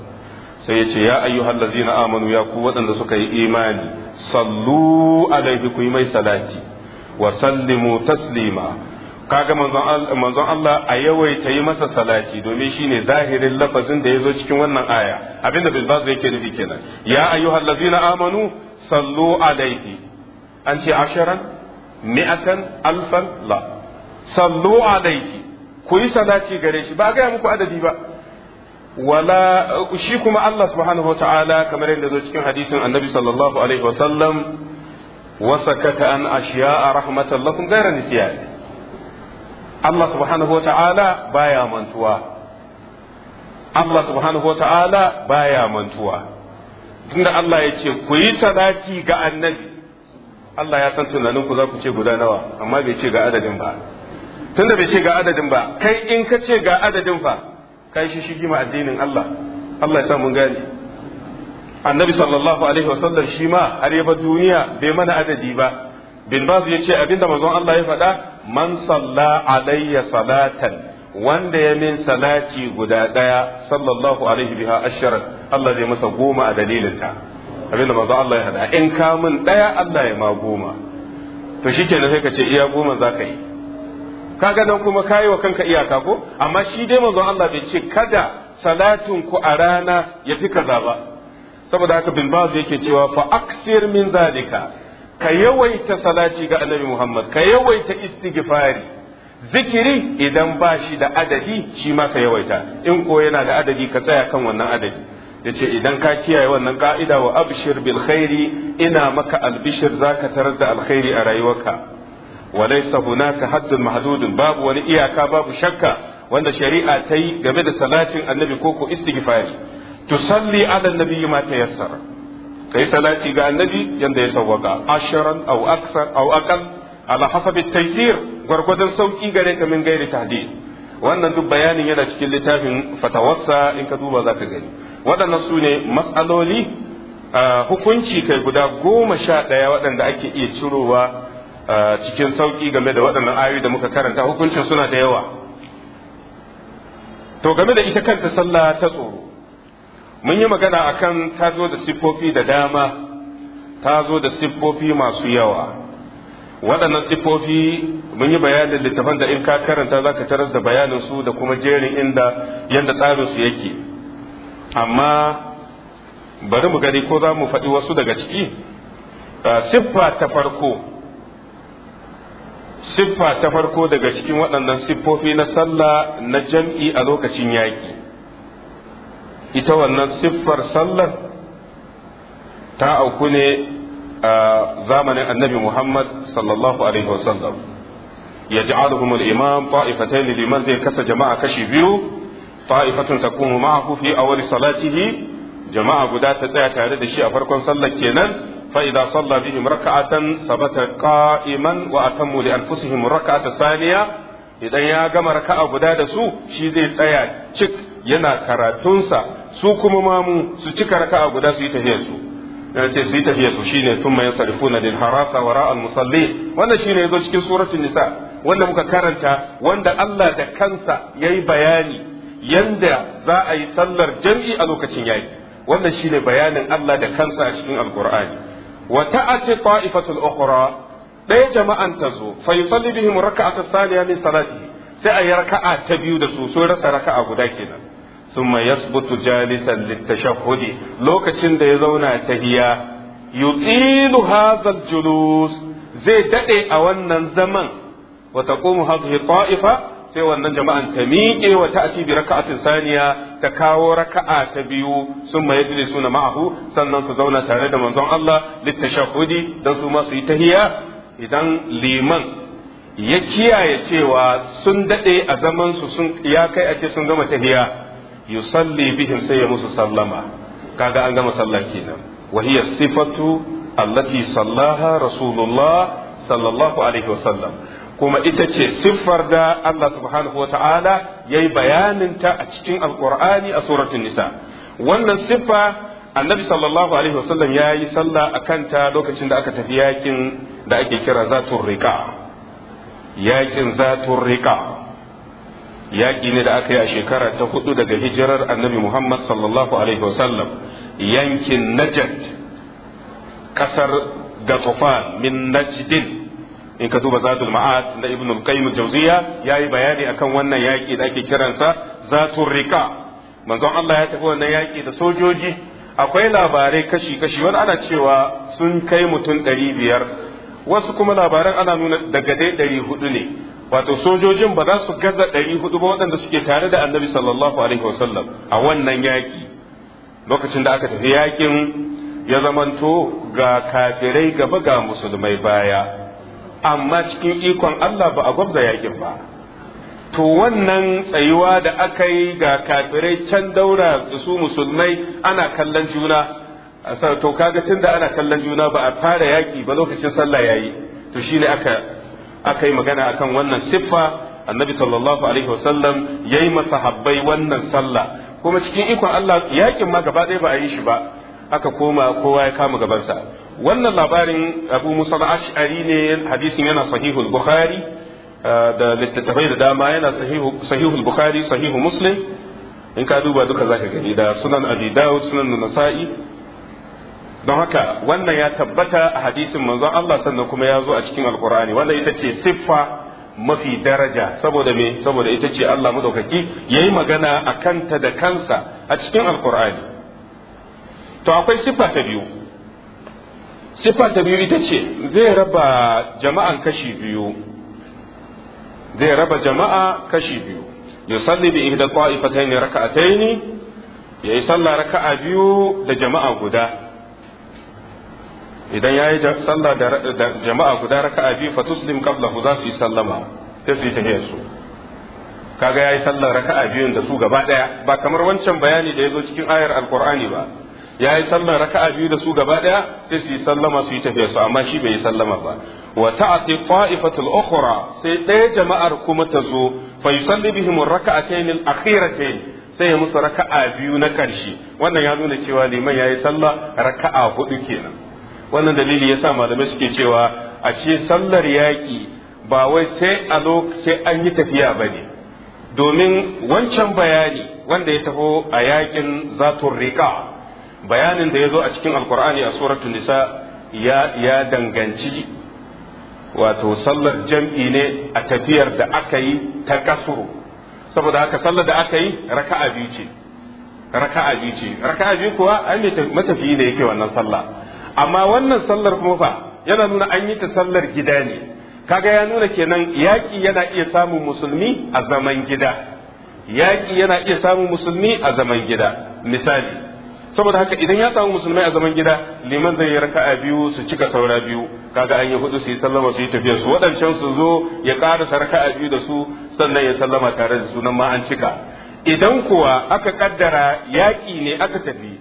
sai ya ce ya ayyuhal lazina amanu ya ku waɗanda suka yi imani sallu alaihi ku yi mai salati wa sallimu taslima kaga manzon Allah a ta yi masa salati domin shine zahirin lafazin da ya zo cikin wannan aya abinda bin bazu yake nufi kenan ya ayyuhal ladzina amanu sallu alaihi an ce asharan mi'atan alfan la sallu alaihi ku yi salati gare shi ba ga muku adadi ba wala shi kuma Allah subhanahu wataala kamar yadda zo cikin hadisin annabi sallallahu alaihi wasallam wasakata an ashiya rahmatan lakum ghayra nisyan Allah subhanahu wa ta'ala baya mantuwa Allah subhanahu wa ta'ala baya mantuwa tunda Allah ya ce ku yi sadaki ga annabi Allah ya san tunanin ku za ku ce guda nawa amma bai ce ga adadin ba tunda bai ce ga adadin ba kai in ka ce ga adadin fa kai shi shi ma addinin Allah Allah ya sa mun gane annabi sallallahu alaihi wasallam shi ma har yaba duniya bai mana adadi ba bin baz ya ce abinda manzon Allah ya faɗa man salla alayya salatan wanda ya min salati guda ɗaya sallallahu alaihi biha asharat Allah zai masa goma a dalilinta abinda manzon Allah ya faɗa in ka min ɗaya Allah ya ma goma to shikenan sai ka ce iya goma za ka yi kaga nan kuma kayi wa kanka iyaka ko amma shi dai manzon Allah bai ce kada salatin ku a rana ya fi kaza ba saboda haka bin baz yake cewa fa aksir min zalika ka yawaita salati ga annabi Muhammad ka yawaita istighfari zikiri idan ba shi da adadi shi ma ka yawaita in ko yana da adadi ka tsaya kan wannan adadi yace idan ka kiyaye wannan ka'ida wa abshir bil khairi ina maka albishir zaka tarar da alkhairi a rayuwarka wa laysa hunaka haddun mahdudun babu wani iyaka babu shakka wanda shari'a ta yi game da salatin annabi ko ko istighfari tusalli ala annabi ma tayassara kai salati ga annabi yanda ya sawwaka asharan aw aksar aw aqal ala hasabi taysir gwargwadon sauki gare ka min gairi tahdid wannan duk bayanin yana cikin littafin fatawassa in ka duba zaka gani waɗannan su ne matsaloli hukunci kai guda goma sha ɗaya waɗanda ake iya cirowa cikin sauƙi game da waɗannan ayoyi da muka karanta hukuncin suna da yawa to game da ita kanta sallah ta tsoro mun yi magana akan ta zo da siffofi da dama ta zo da siffofi masu yawa waɗannan siffofi mun yi bayanin littafan da in ka karanta za ka taras da bayanin su da kuma jerin inda yadda tsarin su yake amma bari mu gani ko za mu faɗi wasu daga ciki ah, siffa ta farko siffa ta farko daga cikin waɗannan siffofi na sallah na jam'i a lokacin yaki. ita wannan siffar sallar ta auku ne a zamanin annabi Muhammad sallallahu alaihi wasallam ya ja'aluhum al-imam ta'ifatayn liman zai kasa jama'a kashi biyu ta'ifatun takunu ma'ahu fi awwal salatihi jama'a guda ta tsaya tare da shi a farkon sallar kenan fa idza salla bihim rak'atan sabata qa'iman wa atammu li rak'ata idan ya gama raka'a guda da su shi zai tsaya cik yana karatunsa su kuma mamu su cika raka'a guda su yi tafiyar su ce su yi tafiyar su shine sun mai na lil harasa wara musalli wannan shine yazo cikin suratul nisa wanda muka karanta wanda Allah da kansa yayi bayani yanda za a yi sallar jam'i a lokacin yaki wannan shine bayanin Allah da kansa a cikin alqur'ani wa ta'ati ta'ifatul ukhra ɗaya jama'an ta zo fa yusalli bihim raka'ata thaniya min salati sai a yi raka'a ta biyu da su sun rasa raka'a guda kenan thumma yasbutu jalisan litashahhudi lokacin da ya zauna tahiya yutilu hadha julus zai dade a wannan zaman wa taqumu hadhihi ta'ifa sai wannan jama'an ta miƙe wa ta'ati bi raka'atin saniya ta kawo raka'a ta biyu sun ma yajlisu suna ma'ahu sannan su zauna tare da manzon Allah litashahhudi dan su ma su yi tahiya idan liman ya kiyaye cewa sun daɗe a zamansu sun ya kai a ce sun gama tahiya yusalli bihim sai ya musu sallama kaga an gama sallah kenan wa hiya sifatu allati sallaha rasulullah sallallahu alaihi wasallam kuma ita ce siffar da Allah subhanahu wata'ala yayi bayanin ta a cikin alqur'ani a suratul nisa wannan siffa annabi sallallahu alaihi wasallam ya yi sallah a kanta lokacin da aka tafi yakin da ake kira zatun riƙa yakin zatun riƙa yaƙi ne da aka yi a shekara ta hudu daga hijirar annabi muhammad sallallahu alaihi wasallam yankin najd ƙasar gatofan min najdin in ka zuba zatul ma'ad na ibn al-qayyim jawziya yayi bayani akan wannan yaki da ake kiransa zatul riƙa manzon Allah ya tafi wannan yaki da sojoji akwai labarai kashi-kashi wani ana cewa sun kai mutum ɗari biyar wasu kuma labaran ana nuna daga dai ɗari hudu ne wato sojojin ba za su gaza ɗari hudu ba waɗanda suke tare da annabi sallallahu alaihi wasallam a wannan yaƙi. lokacin da aka tafi yaƙin ya zamanto ga kafirai gaba ga musulmai baya amma cikin ikon Allah ba a gwabza yaƙin ba to wannan tsayuwa da aka yi ga kafirai can daura da su musulmai ana kallon juna to kaga tunda ana kallon juna ba a fara yaki ba lokacin sallah yayi to shi ne aka yi magana akan wannan siffa annabi sallallahu alaihi wasallam yayi masahabbai wannan sallah kuma cikin ikon Allah yakin ma gaba ɗaya ba a yi shi ba aka koma kowa ya kama gabansa wannan labarin Abu Musa ashari ne hadisin yana sahihul Bukhari da littattafai da dama yana sahihul bukhari sahihu muslim in ka duba duka za ka gani da sunan abi dawud sunan nasa'i don haka wannan ya tabbata a hadisin manzon Allah sannan kuma ya zo a cikin alkurani wanda ita ce siffa mafi daraja saboda me saboda ita ce Allah madaukaki yayi magana a kanta da kansa a cikin alkurani to akwai siffa ta biyu siffa ta biyu ita ce zai raba jama'an kashi biyu zai raba jama'a kashi biyu yusalli bi ihda qa'ifatayn raka'atayn yayi sallah raka'a biyu da jama'a guda idan yayi sallah da jama'a guda raka'a biyu fa tuslim qabla za su sallama tafi ta tahiyya su kaga yayi sallah raka'a biyun da su gaba daya ba kamar wancan bayani da yazo cikin ayar alqur'ani ba ya yi sallar raka'a biyu da su gaba daya sai su yi sallama su yi tafiya su amma shi bai yi sallama ba wa ta'ati qa'ifatul ukhra sai ɗaya jama'ar kuma ta zo fa yusalli bihim raka'atayn al-akhiratayn sai ya musu raka'a biyu na karshe wannan ya nuna cewa liman ya yi sallah raka'a hudu kenan wannan dalili yasa malamai suke cewa a ce sallar yaki ba wai sai a sai an yi tafiya ba ne. domin wancan bayani wanda ya taho a yakin zatun riqa bayanin da ya zo a cikin alkur'ani a suratul nisa ya danganci wato sallar jam'i ne a tafiyar da aka yi ta kasuru saboda haka sallar da aka yi raka'a biyu ce raka'a biyu ce raka'a kuwa ai matafiyi ne yake wannan sallah amma wannan sallar kuma fa yana nuna an yi ta sallar gida ne kaga ya nuna kenan yaƙi yana iya samun musulmi a zaman gida Yaƙi yana iya samun musulmi a zaman gida misali saboda haka idan ya samu musulmai a zaman gida liman zai yi raka'a biyu su cika saura biyu kaga an yi hudu su yi sallama su yi tafiya su waɗancan su zo ya karasa raka'a biyu da su sannan ya sallama tare da sunan ma an cika idan kuwa aka kaddara yaƙi ne aka tafi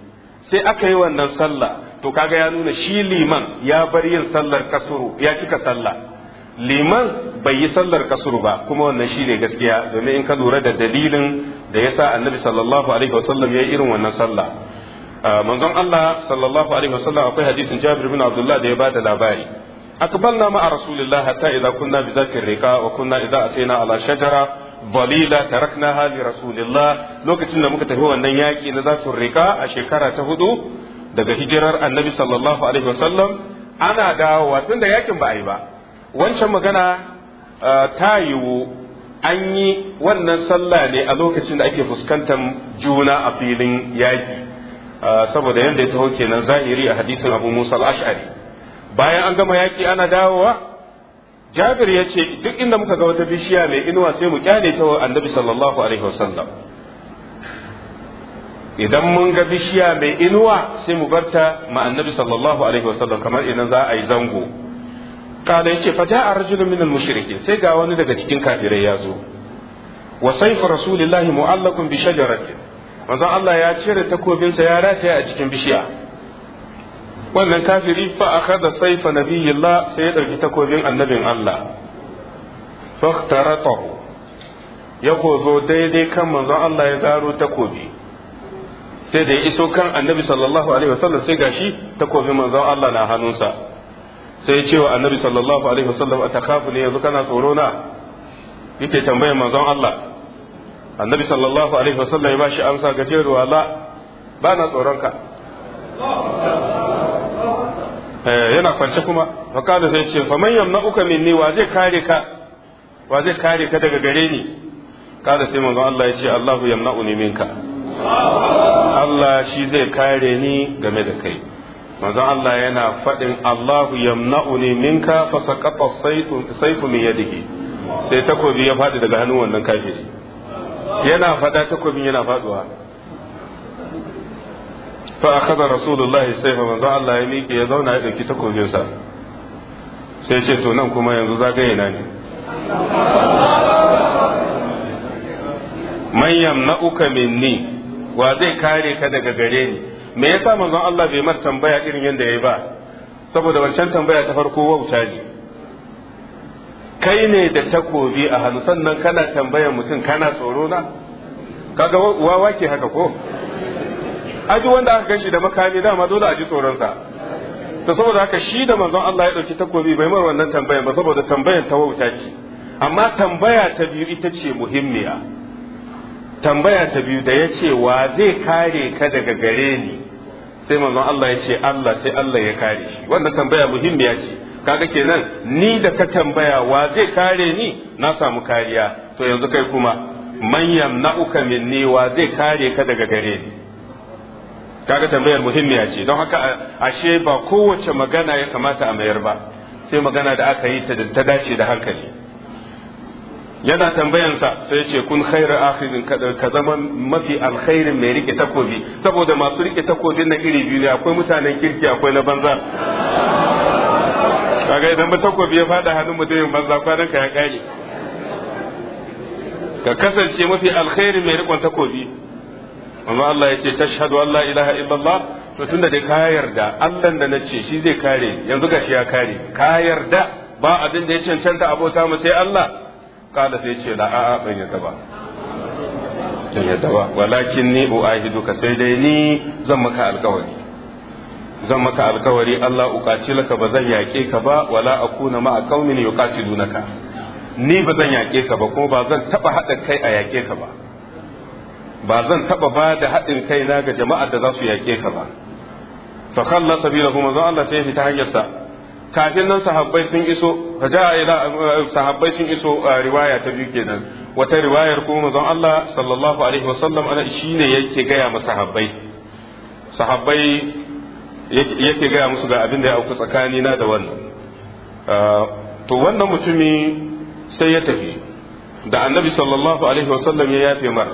sai aka yi wannan sallah to kaga ya nuna shi liman ya bar yin sallar kasuru ya cika sallah liman bai yi sallar kasuru ba kuma wannan shi ne gaskiya domin in ka lura da dalilin da yasa annabi sallallahu alaihi wasallam ya yi irin wannan sallah Ah, manzon Allah sallallahu alaihi wasallam akwai hadisin Jabir bin Abdullah da ya bada labari aqbalna ma'a rasulillahi hatta idza kunna bi zakir riqa wa kunna idza atayna ala shajara balila tarakna li rasulillah lokacin da muka tafi wannan yaki na zakir rika a shekara ta hudu daga hijirar annabi sallallahu alaihi wasallam ana dawowa tun da yakin ba a yi ba wancan magana ah, ta yiwu an yi wannan sallah ne a lokacin da ake fuskantar juna a filin yaƙi. Ah, saboda yadda ya taho kenan zahiri a hadisin abu musa al-ash'ari bayan an gama yaki ana dawowa jabir ya ce duk inda muka ga wata bishiya mai inuwa sai mu kyale ta annabi sallallahu alaihi wasallam idan mun ga bishiya mai inuwa sai mu barta ma annabi sallallahu alaihi wasallam kamar idan za a yi zango kala yace fa ja'a rajulun minal mushrikin sai ga wani daga cikin kafirai ya zo wa sayfu rasulillahi mu'allakun bi shajaratin manzon Allah ya cire takobinsa ya rataya a cikin bishiya wannan kafiri fa akhadha sayfa nabiyillah sai ya dauki takobin annabin Allah khtarata ya kozo daidai kan manzon Allah ya zaro takobi sai da ya iso kan annabi sallallahu alaihi wasallam sai gashi takobin manzon Allah na hannunsa sai ya ce wa annabi sallallahu alaihi wasallam a ne yanzu kana tsoro na yake tambayar manzon Allah annabi sallallahu alaihi wasallam ya bashi amsa gajeruwa la ba na tsoron ka eh, yana kwance kuma fakada sai ce faman yamna uka minni wa zai kare ka wa zai kare ka daga gare ni kada sai manzon Allah ya ce Allahu yamna'uni minka Allah shi zai kare ni game da kai manzon Allah yana fadin Allahu yamna'uni minka fa saqata sayfu min yadihi sai takobi ya faɗi daga hannun wannan kafiri yana fada takobin yana faduwa fa akhadha rasulullahi sai manzo Allah ya miƙe ya zauna ya dauki takobin sa sai ce to nan kuma yanzu za zagaye na ne man yamna'uka minni wa zai kare ka daga gare ni me yasa manzon Allah bai mar tambaya irin yadda yayi ba saboda wancan tambaya ta farko wauta ne kai ne da takobi a hannu sannan kana tambayar mutum kana tsoro na kaga wawa ke haka ko aji wanda aka gan shi da makami dama dole a ji tsoronsa to saboda haka shi da manzon Allah ya dauki takobi bai mai wannan tambayar ba saboda tambayar ta wauta ce amma tambaya ta biyu ita ce muhimmiya tambaya ta biyu da ya cewa wa zai kare ka daga gare ni sai manzon Allah ya ce Allah sai Allah ya kare shi wannan tambaya muhimmiya ce kaga kenan ni da ka tambaya wa zai kare ni na samu kariya to yanzu kai kuma na'uka nauka minni wa zai kare ka daga gare ni kaga tambayar muhimmiya ce don haka ashe ba kowace magana ya kamata a mayar ba sai magana da aka yi ta dace da hankali yana tambayansa sai ce kun khairu akhirin ka zama mafi alkhairin mai rike takobi saboda masu rike takobin na iri biyu akwai mutanen kirki akwai na banza kaga idan ba takobi ya hannu hannun mutumin banza kwanan ka ya kare ka kasance mafi alkhairi mai rikon takobi amma Allah ya ce tashhadu an la ilaha illallah to tunda da ka yarda Allah da na ce shi zai kare yanzu gashi ya kare ka yarda ba abin da ya cancanta abota mu sai Allah kala sai ce la a'a ban yarda ba ban yarda ba walakin ni uahiduka sai dai ni zan maka alkawari zan maka alkawari Allah ukaci laka ba zan yaƙe ka ba wala akuna ma qaumin yuqatilunaka ni ba zan yaƙe ka ba ko ba zan taba hada kai a yaƙe ka ba ba zan taba ba da haɗin kai na ga jama'ar da za su yaƙe ka ba fa khalla sabilahu manzo Allah sai ya fita hanyarsa kafin nan sahabbai sun iso faja'a ila sahabbai sun iso riwaya ta biyu kenan wata riwayar kuma manzo Allah sallallahu alaihi wasallam ana shine yake gaya ma sahabbai sahabbai yake gaya musu ga abin da ya auku tsakani na da wannan ah, to wannan mutumi sai ya tafi da annabi sallallahu alaihi wasallam ya yafe mar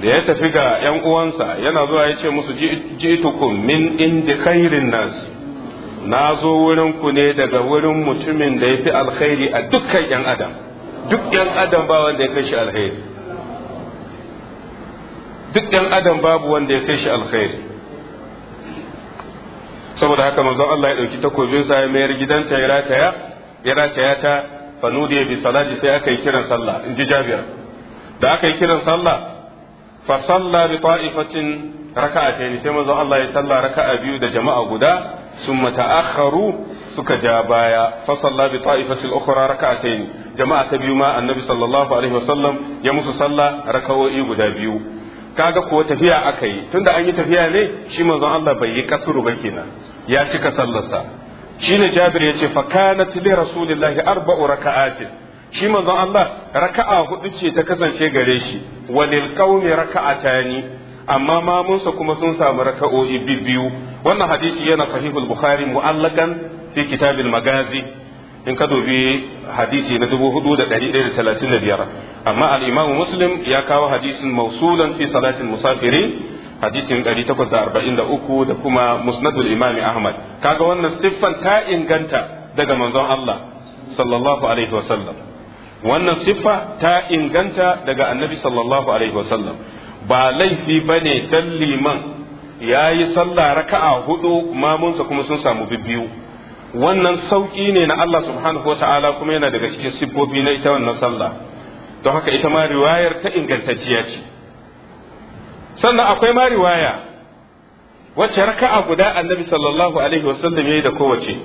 da ya tafi ga yan uwansa yana zuwa ya ce musu jitukum min indi khairin nas na zo wurin ku ne daga wurin mutumin da ya fi alkhairi a dukkan yan adam duk yan adam ba wanda ya kai shi alkhairi duk yan adam babu wanda ya kai shi alkhairi saboda haka manzon Allah ya dauki takobin sa ya mayar gidanta ya rataya ya rataya ta fanudiya bi salati sai aka yi kiran sallah in ji Jabir da aka yi kiran sallah fa salla bi ta'ifatin raka'atayn sai manzon Allah ya salla raka'a biyu da jama'a guda summa ta'akharu suka ja baya fa salla bi ta'ifatil ukhra raka'atayn jama'a ta biyu ma annabi sallallahu alaihi wasallam ya musu sallah raka'o'i guda biyu kaga kuwa tafiya aka yi tunda an yi tafiya ne shi manzon Allah bai yi kasuru ba kenan ya cika sallarsa shine Jabir yace fa kanat li rasulillahi arba'u raka'atin shi manzon Allah raka'a hudu ce ta kasance gare shi walil qaumi raka'atani amma mamunsa kuma sun samu raka'o'i biyu wannan hadisi yana sahihul bukhari mu'allakan fi kitabil magazi in ka dubi hadisi na da biyar amma al-imamu muslim ya kawo hadisin mausulan fi salatin musafirin hadisin takwas da kuma musnadul imami ahmad kaga wannan siffan ta inganta daga manzon Allah sallallahu alaihi sallam wannan siffa ta inganta daga annabi sallallahu alaihi sallam ba laifi ne dan liman yayi sallah raka'a hudu mamunsa kuma sun samu bibbiyu wannan sauƙi ne na Allah subhanahu wa ta'ala kuma yana daga cikin siffofi na ita wannan sallah don haka ita ma riwayar ta ingantacciya ce sannan akwai ma riwaya wacce raka'a guda annabi sallallahu alaihi wasallam yi da kowace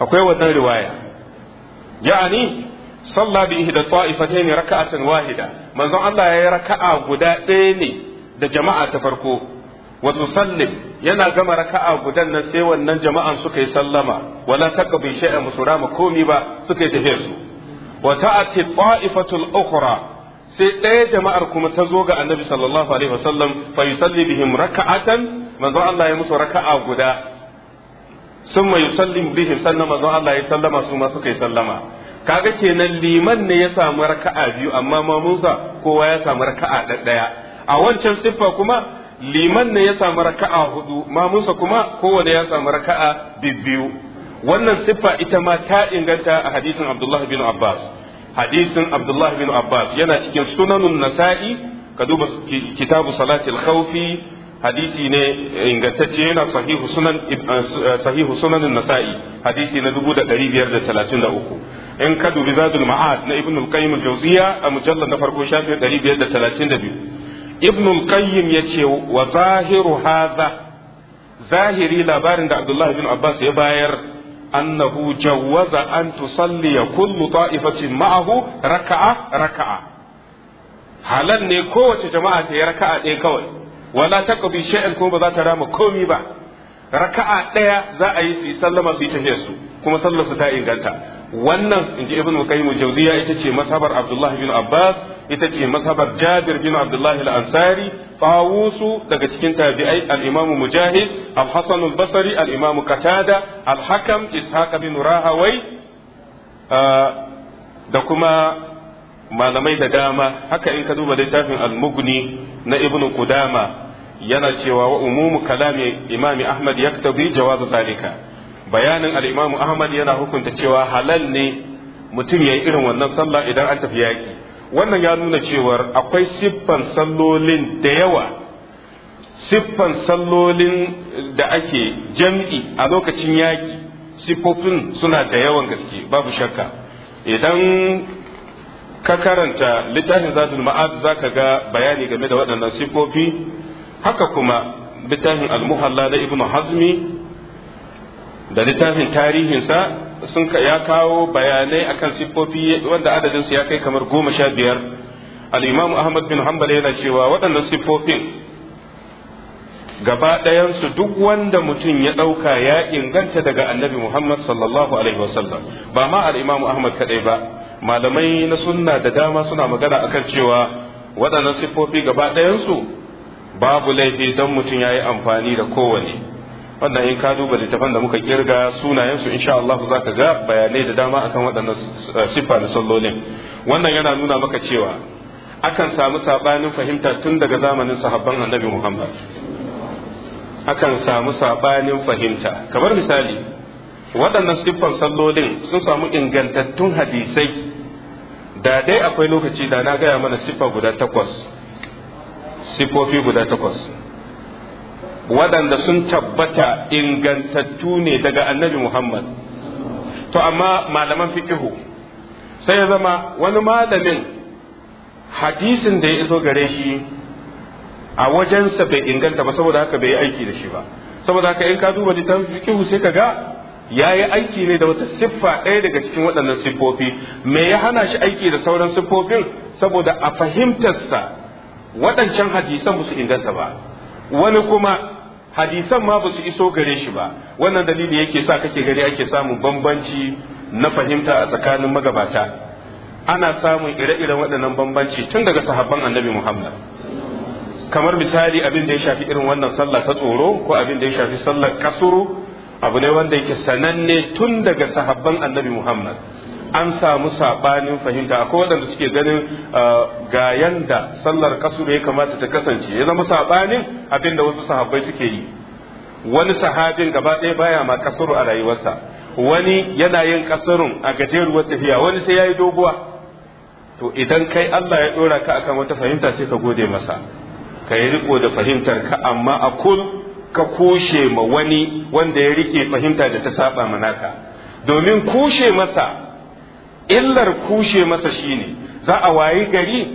akwai wannan riwaya ya'ani salla bi ihda ta'ifatayn raka'atan wahida manzon Allah ya yi raka'a guda ɗaya ne da jama'a ta farko wa tusallim yana gama raka'a gudan nan sai wannan jama'an suka yi sallama wala taqbi shay'an musurama komi ba suka yi tafiyar su wa ta'ati ta'ifatul ukhra sai ɗaya jama'ar kuma ta zo ga annabi sallallahu alaihi wasallam fa yusalli bihim raka'atan manzo Allah ya musu raka'a guda sun mai yusallim bihim sannan manzo Allah ya sallama su ma suka yi sallama kaga kenan liman ne ya samu raka'a biyu amma ma Musa kowa ya samu raka'a ɗaya a wancan siffa kuma liman ne ya samu raka'a hudu mamunsa kuma kowane ya samu raka'a biyu wannan siffa ita ma ta inganta a hadisin Abdullah bin Abbas hadisin Abdullah bin Abbas yana cikin sunanun nasa'i ka duba kitabu salatil khawfi hadisi ne ingantacce yana sahihu sunan eh, eh, sahihu sunan nasa'i hadisi na 1533 in ka dubi zadul ma'ad na ibn al-qayyim al-jawziya a mujallad na farko shafin 532 ibn al-qayyim yace wa zahiru hadha zahiri labarin da abdullahi bin abbas ya bayar annahu jawwaza an tusalli kullu ta'ifatin ma'ahu raka'a raka'a halal ne kowace jama'a ta yi raka'a ɗaya kawai wala taqbi shay'an ko ba za ta rama komi ba raka'a ɗaya za a yi su sallama su yi su kuma sallar su ta inganta wannan inji Ibn Muka'imu jawziya ita ce masabar abdullah bin abbas ita ce masabar jabir bin abdullah al-ansari tawusu daga cikin tabi'ai al-imamu mujahid al-hasan al-basri al-imamu qatada al-hakam ishaq bin rahawai ah, da kuma malamai da dama haka in ka duba littafin al-mughni na ibnu qudama yana cewa wa umumu kalami imami ahmad yaktabi jawaz zalika bayanin al Ahmad yana hukunta cewa halal ne mutum yayi irin wannan sallah idan an tafi yaki wannan ya nuna cewar akwai siffan sallolin da yawa siffan sallolin da ake jam'i a lokacin yaki siffofin suna da yawan gaske babu shakka idan ka karanta littafin zatul ma'ad ka ga bayani game da waɗannan siffofi haka kuma littafin al-muhalla na ibnu hazmi da littafin tarihinsa sun ya kawo bayanai akan siffofi wanda adadinsu ya kai kamar goma sha biyar al ahmad bin hanbal yana cewa waɗannan siffofin gaba ɗayansu duk wanda mutum ya ɗauka ya inganta daga annabi muhammad sallallahu alaihi wasallam ba ma al-imam ahmad kaɗai ba malamai na sunna da dama suna magana akan cewa waɗannan siffofi gaba ɗayansu babu laifi don mutum ya yi amfani da kowane wannan in ka duba littafan da muka kirga sunayensu insha Allah za ka ga bayanai da dama akan waɗannan eh, siffa da sallolin wannan yana nuna maka cewa akan samu sabanin fahimta tun daga zamanin sahabban annabi Muhammad akan samu sabanin fahimta kamar misali waɗannan siffan sallolin sun samu ingantattun hadisai da dai akwai lokaci da na gaya mana siffa guda takwas siffofi guda takwas waɗanda sun tabbata ingantattu ne daga annabi Muhammad to amma malaman fikihu sai ya zama wani malamin hadisin da ya iso gare shi a wajensa bai inganta ba saboda haka bai yi aiki da shi ba saboda haka in ka duba littafin fikihu sai ka ga ya yi aiki ne da wata siffa ɗaya daga cikin waɗannan siffofi me ya hana shi aiki da sauran siffofin saboda a fahimtarsa waɗancan hadisan ba su inganta ba wani kuma hadisan ma ba su iso gare shi ba wannan dalili yake sa kake gari ake samun bambanci na fahimta a tsakanin magabata ana samun ire-iren waɗannan bambanci tun daga sahabban annabi muhammad kamar misali abin da ya shafi irin wannan sallah ta tsoro ko abin da ya shafi sallar kasuru abu ne wanda yake sananne tun daga sahabban annabi muhammad an samu saɓanin fahimta akwai waɗanda suke ganin uh, ga yanda sallar kasuru ya kamata ta kasance ya zama sabanin abinda wasu sahabbai suke yi wani sahabin gaba ɗaya baya ma kasuru a rayuwarsa wani yana yin kasurun a gajeruwar tafiya wani sai ya yi doguwa to idan kai Allah ya ɗora ka akan wata fahimta sai ka gode masa ka yi riko da fahimtar ka amma a kun ka kushe ma wani wanda ya rike fahimta da ta saba manaka domin kushe masa illar kushe masa shine za a wayi gari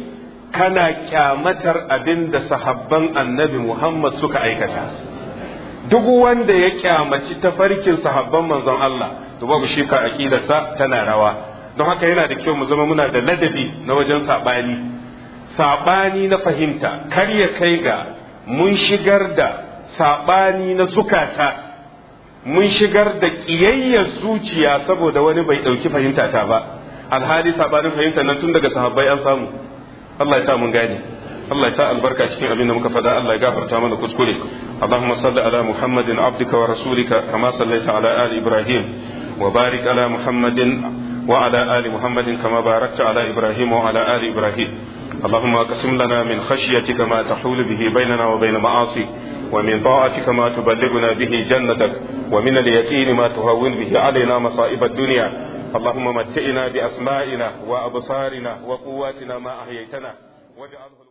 kana kyamatar abin da sahabban annabi Muhammad suka aikata duk wanda ya kyamaci tafarkin sahabban manzon Allah to babu shi ka aqidarsa tana rawa don haka yana da kyau mu zama muna da ladabi na wajen sabani sabani na fahimta kar ya kai ga mun shigar da sabani na zukata mun shigar da kiyayyar zuciya saboda wani bai ɗauki fahimta ta ba alhali sabanin fahimta nan tun daga sahabbai an samu Allah ya sa mun gane Allah ya sa albarka cikin abin da muka faɗa Allah ya gafarta mana kuskure Allahumma salli ala Muhammadin abdika wa rasulika kama sallaita ala ali Ibrahim wa barik ala Muhammadin ومن طاعتك ما تبلغنا به جنتك ومن اليقين ما تهون به علينا مصائب الدنيا اللهم متئنا بأسمائنا وأبصارنا وقواتنا ما أحييتنا واجعله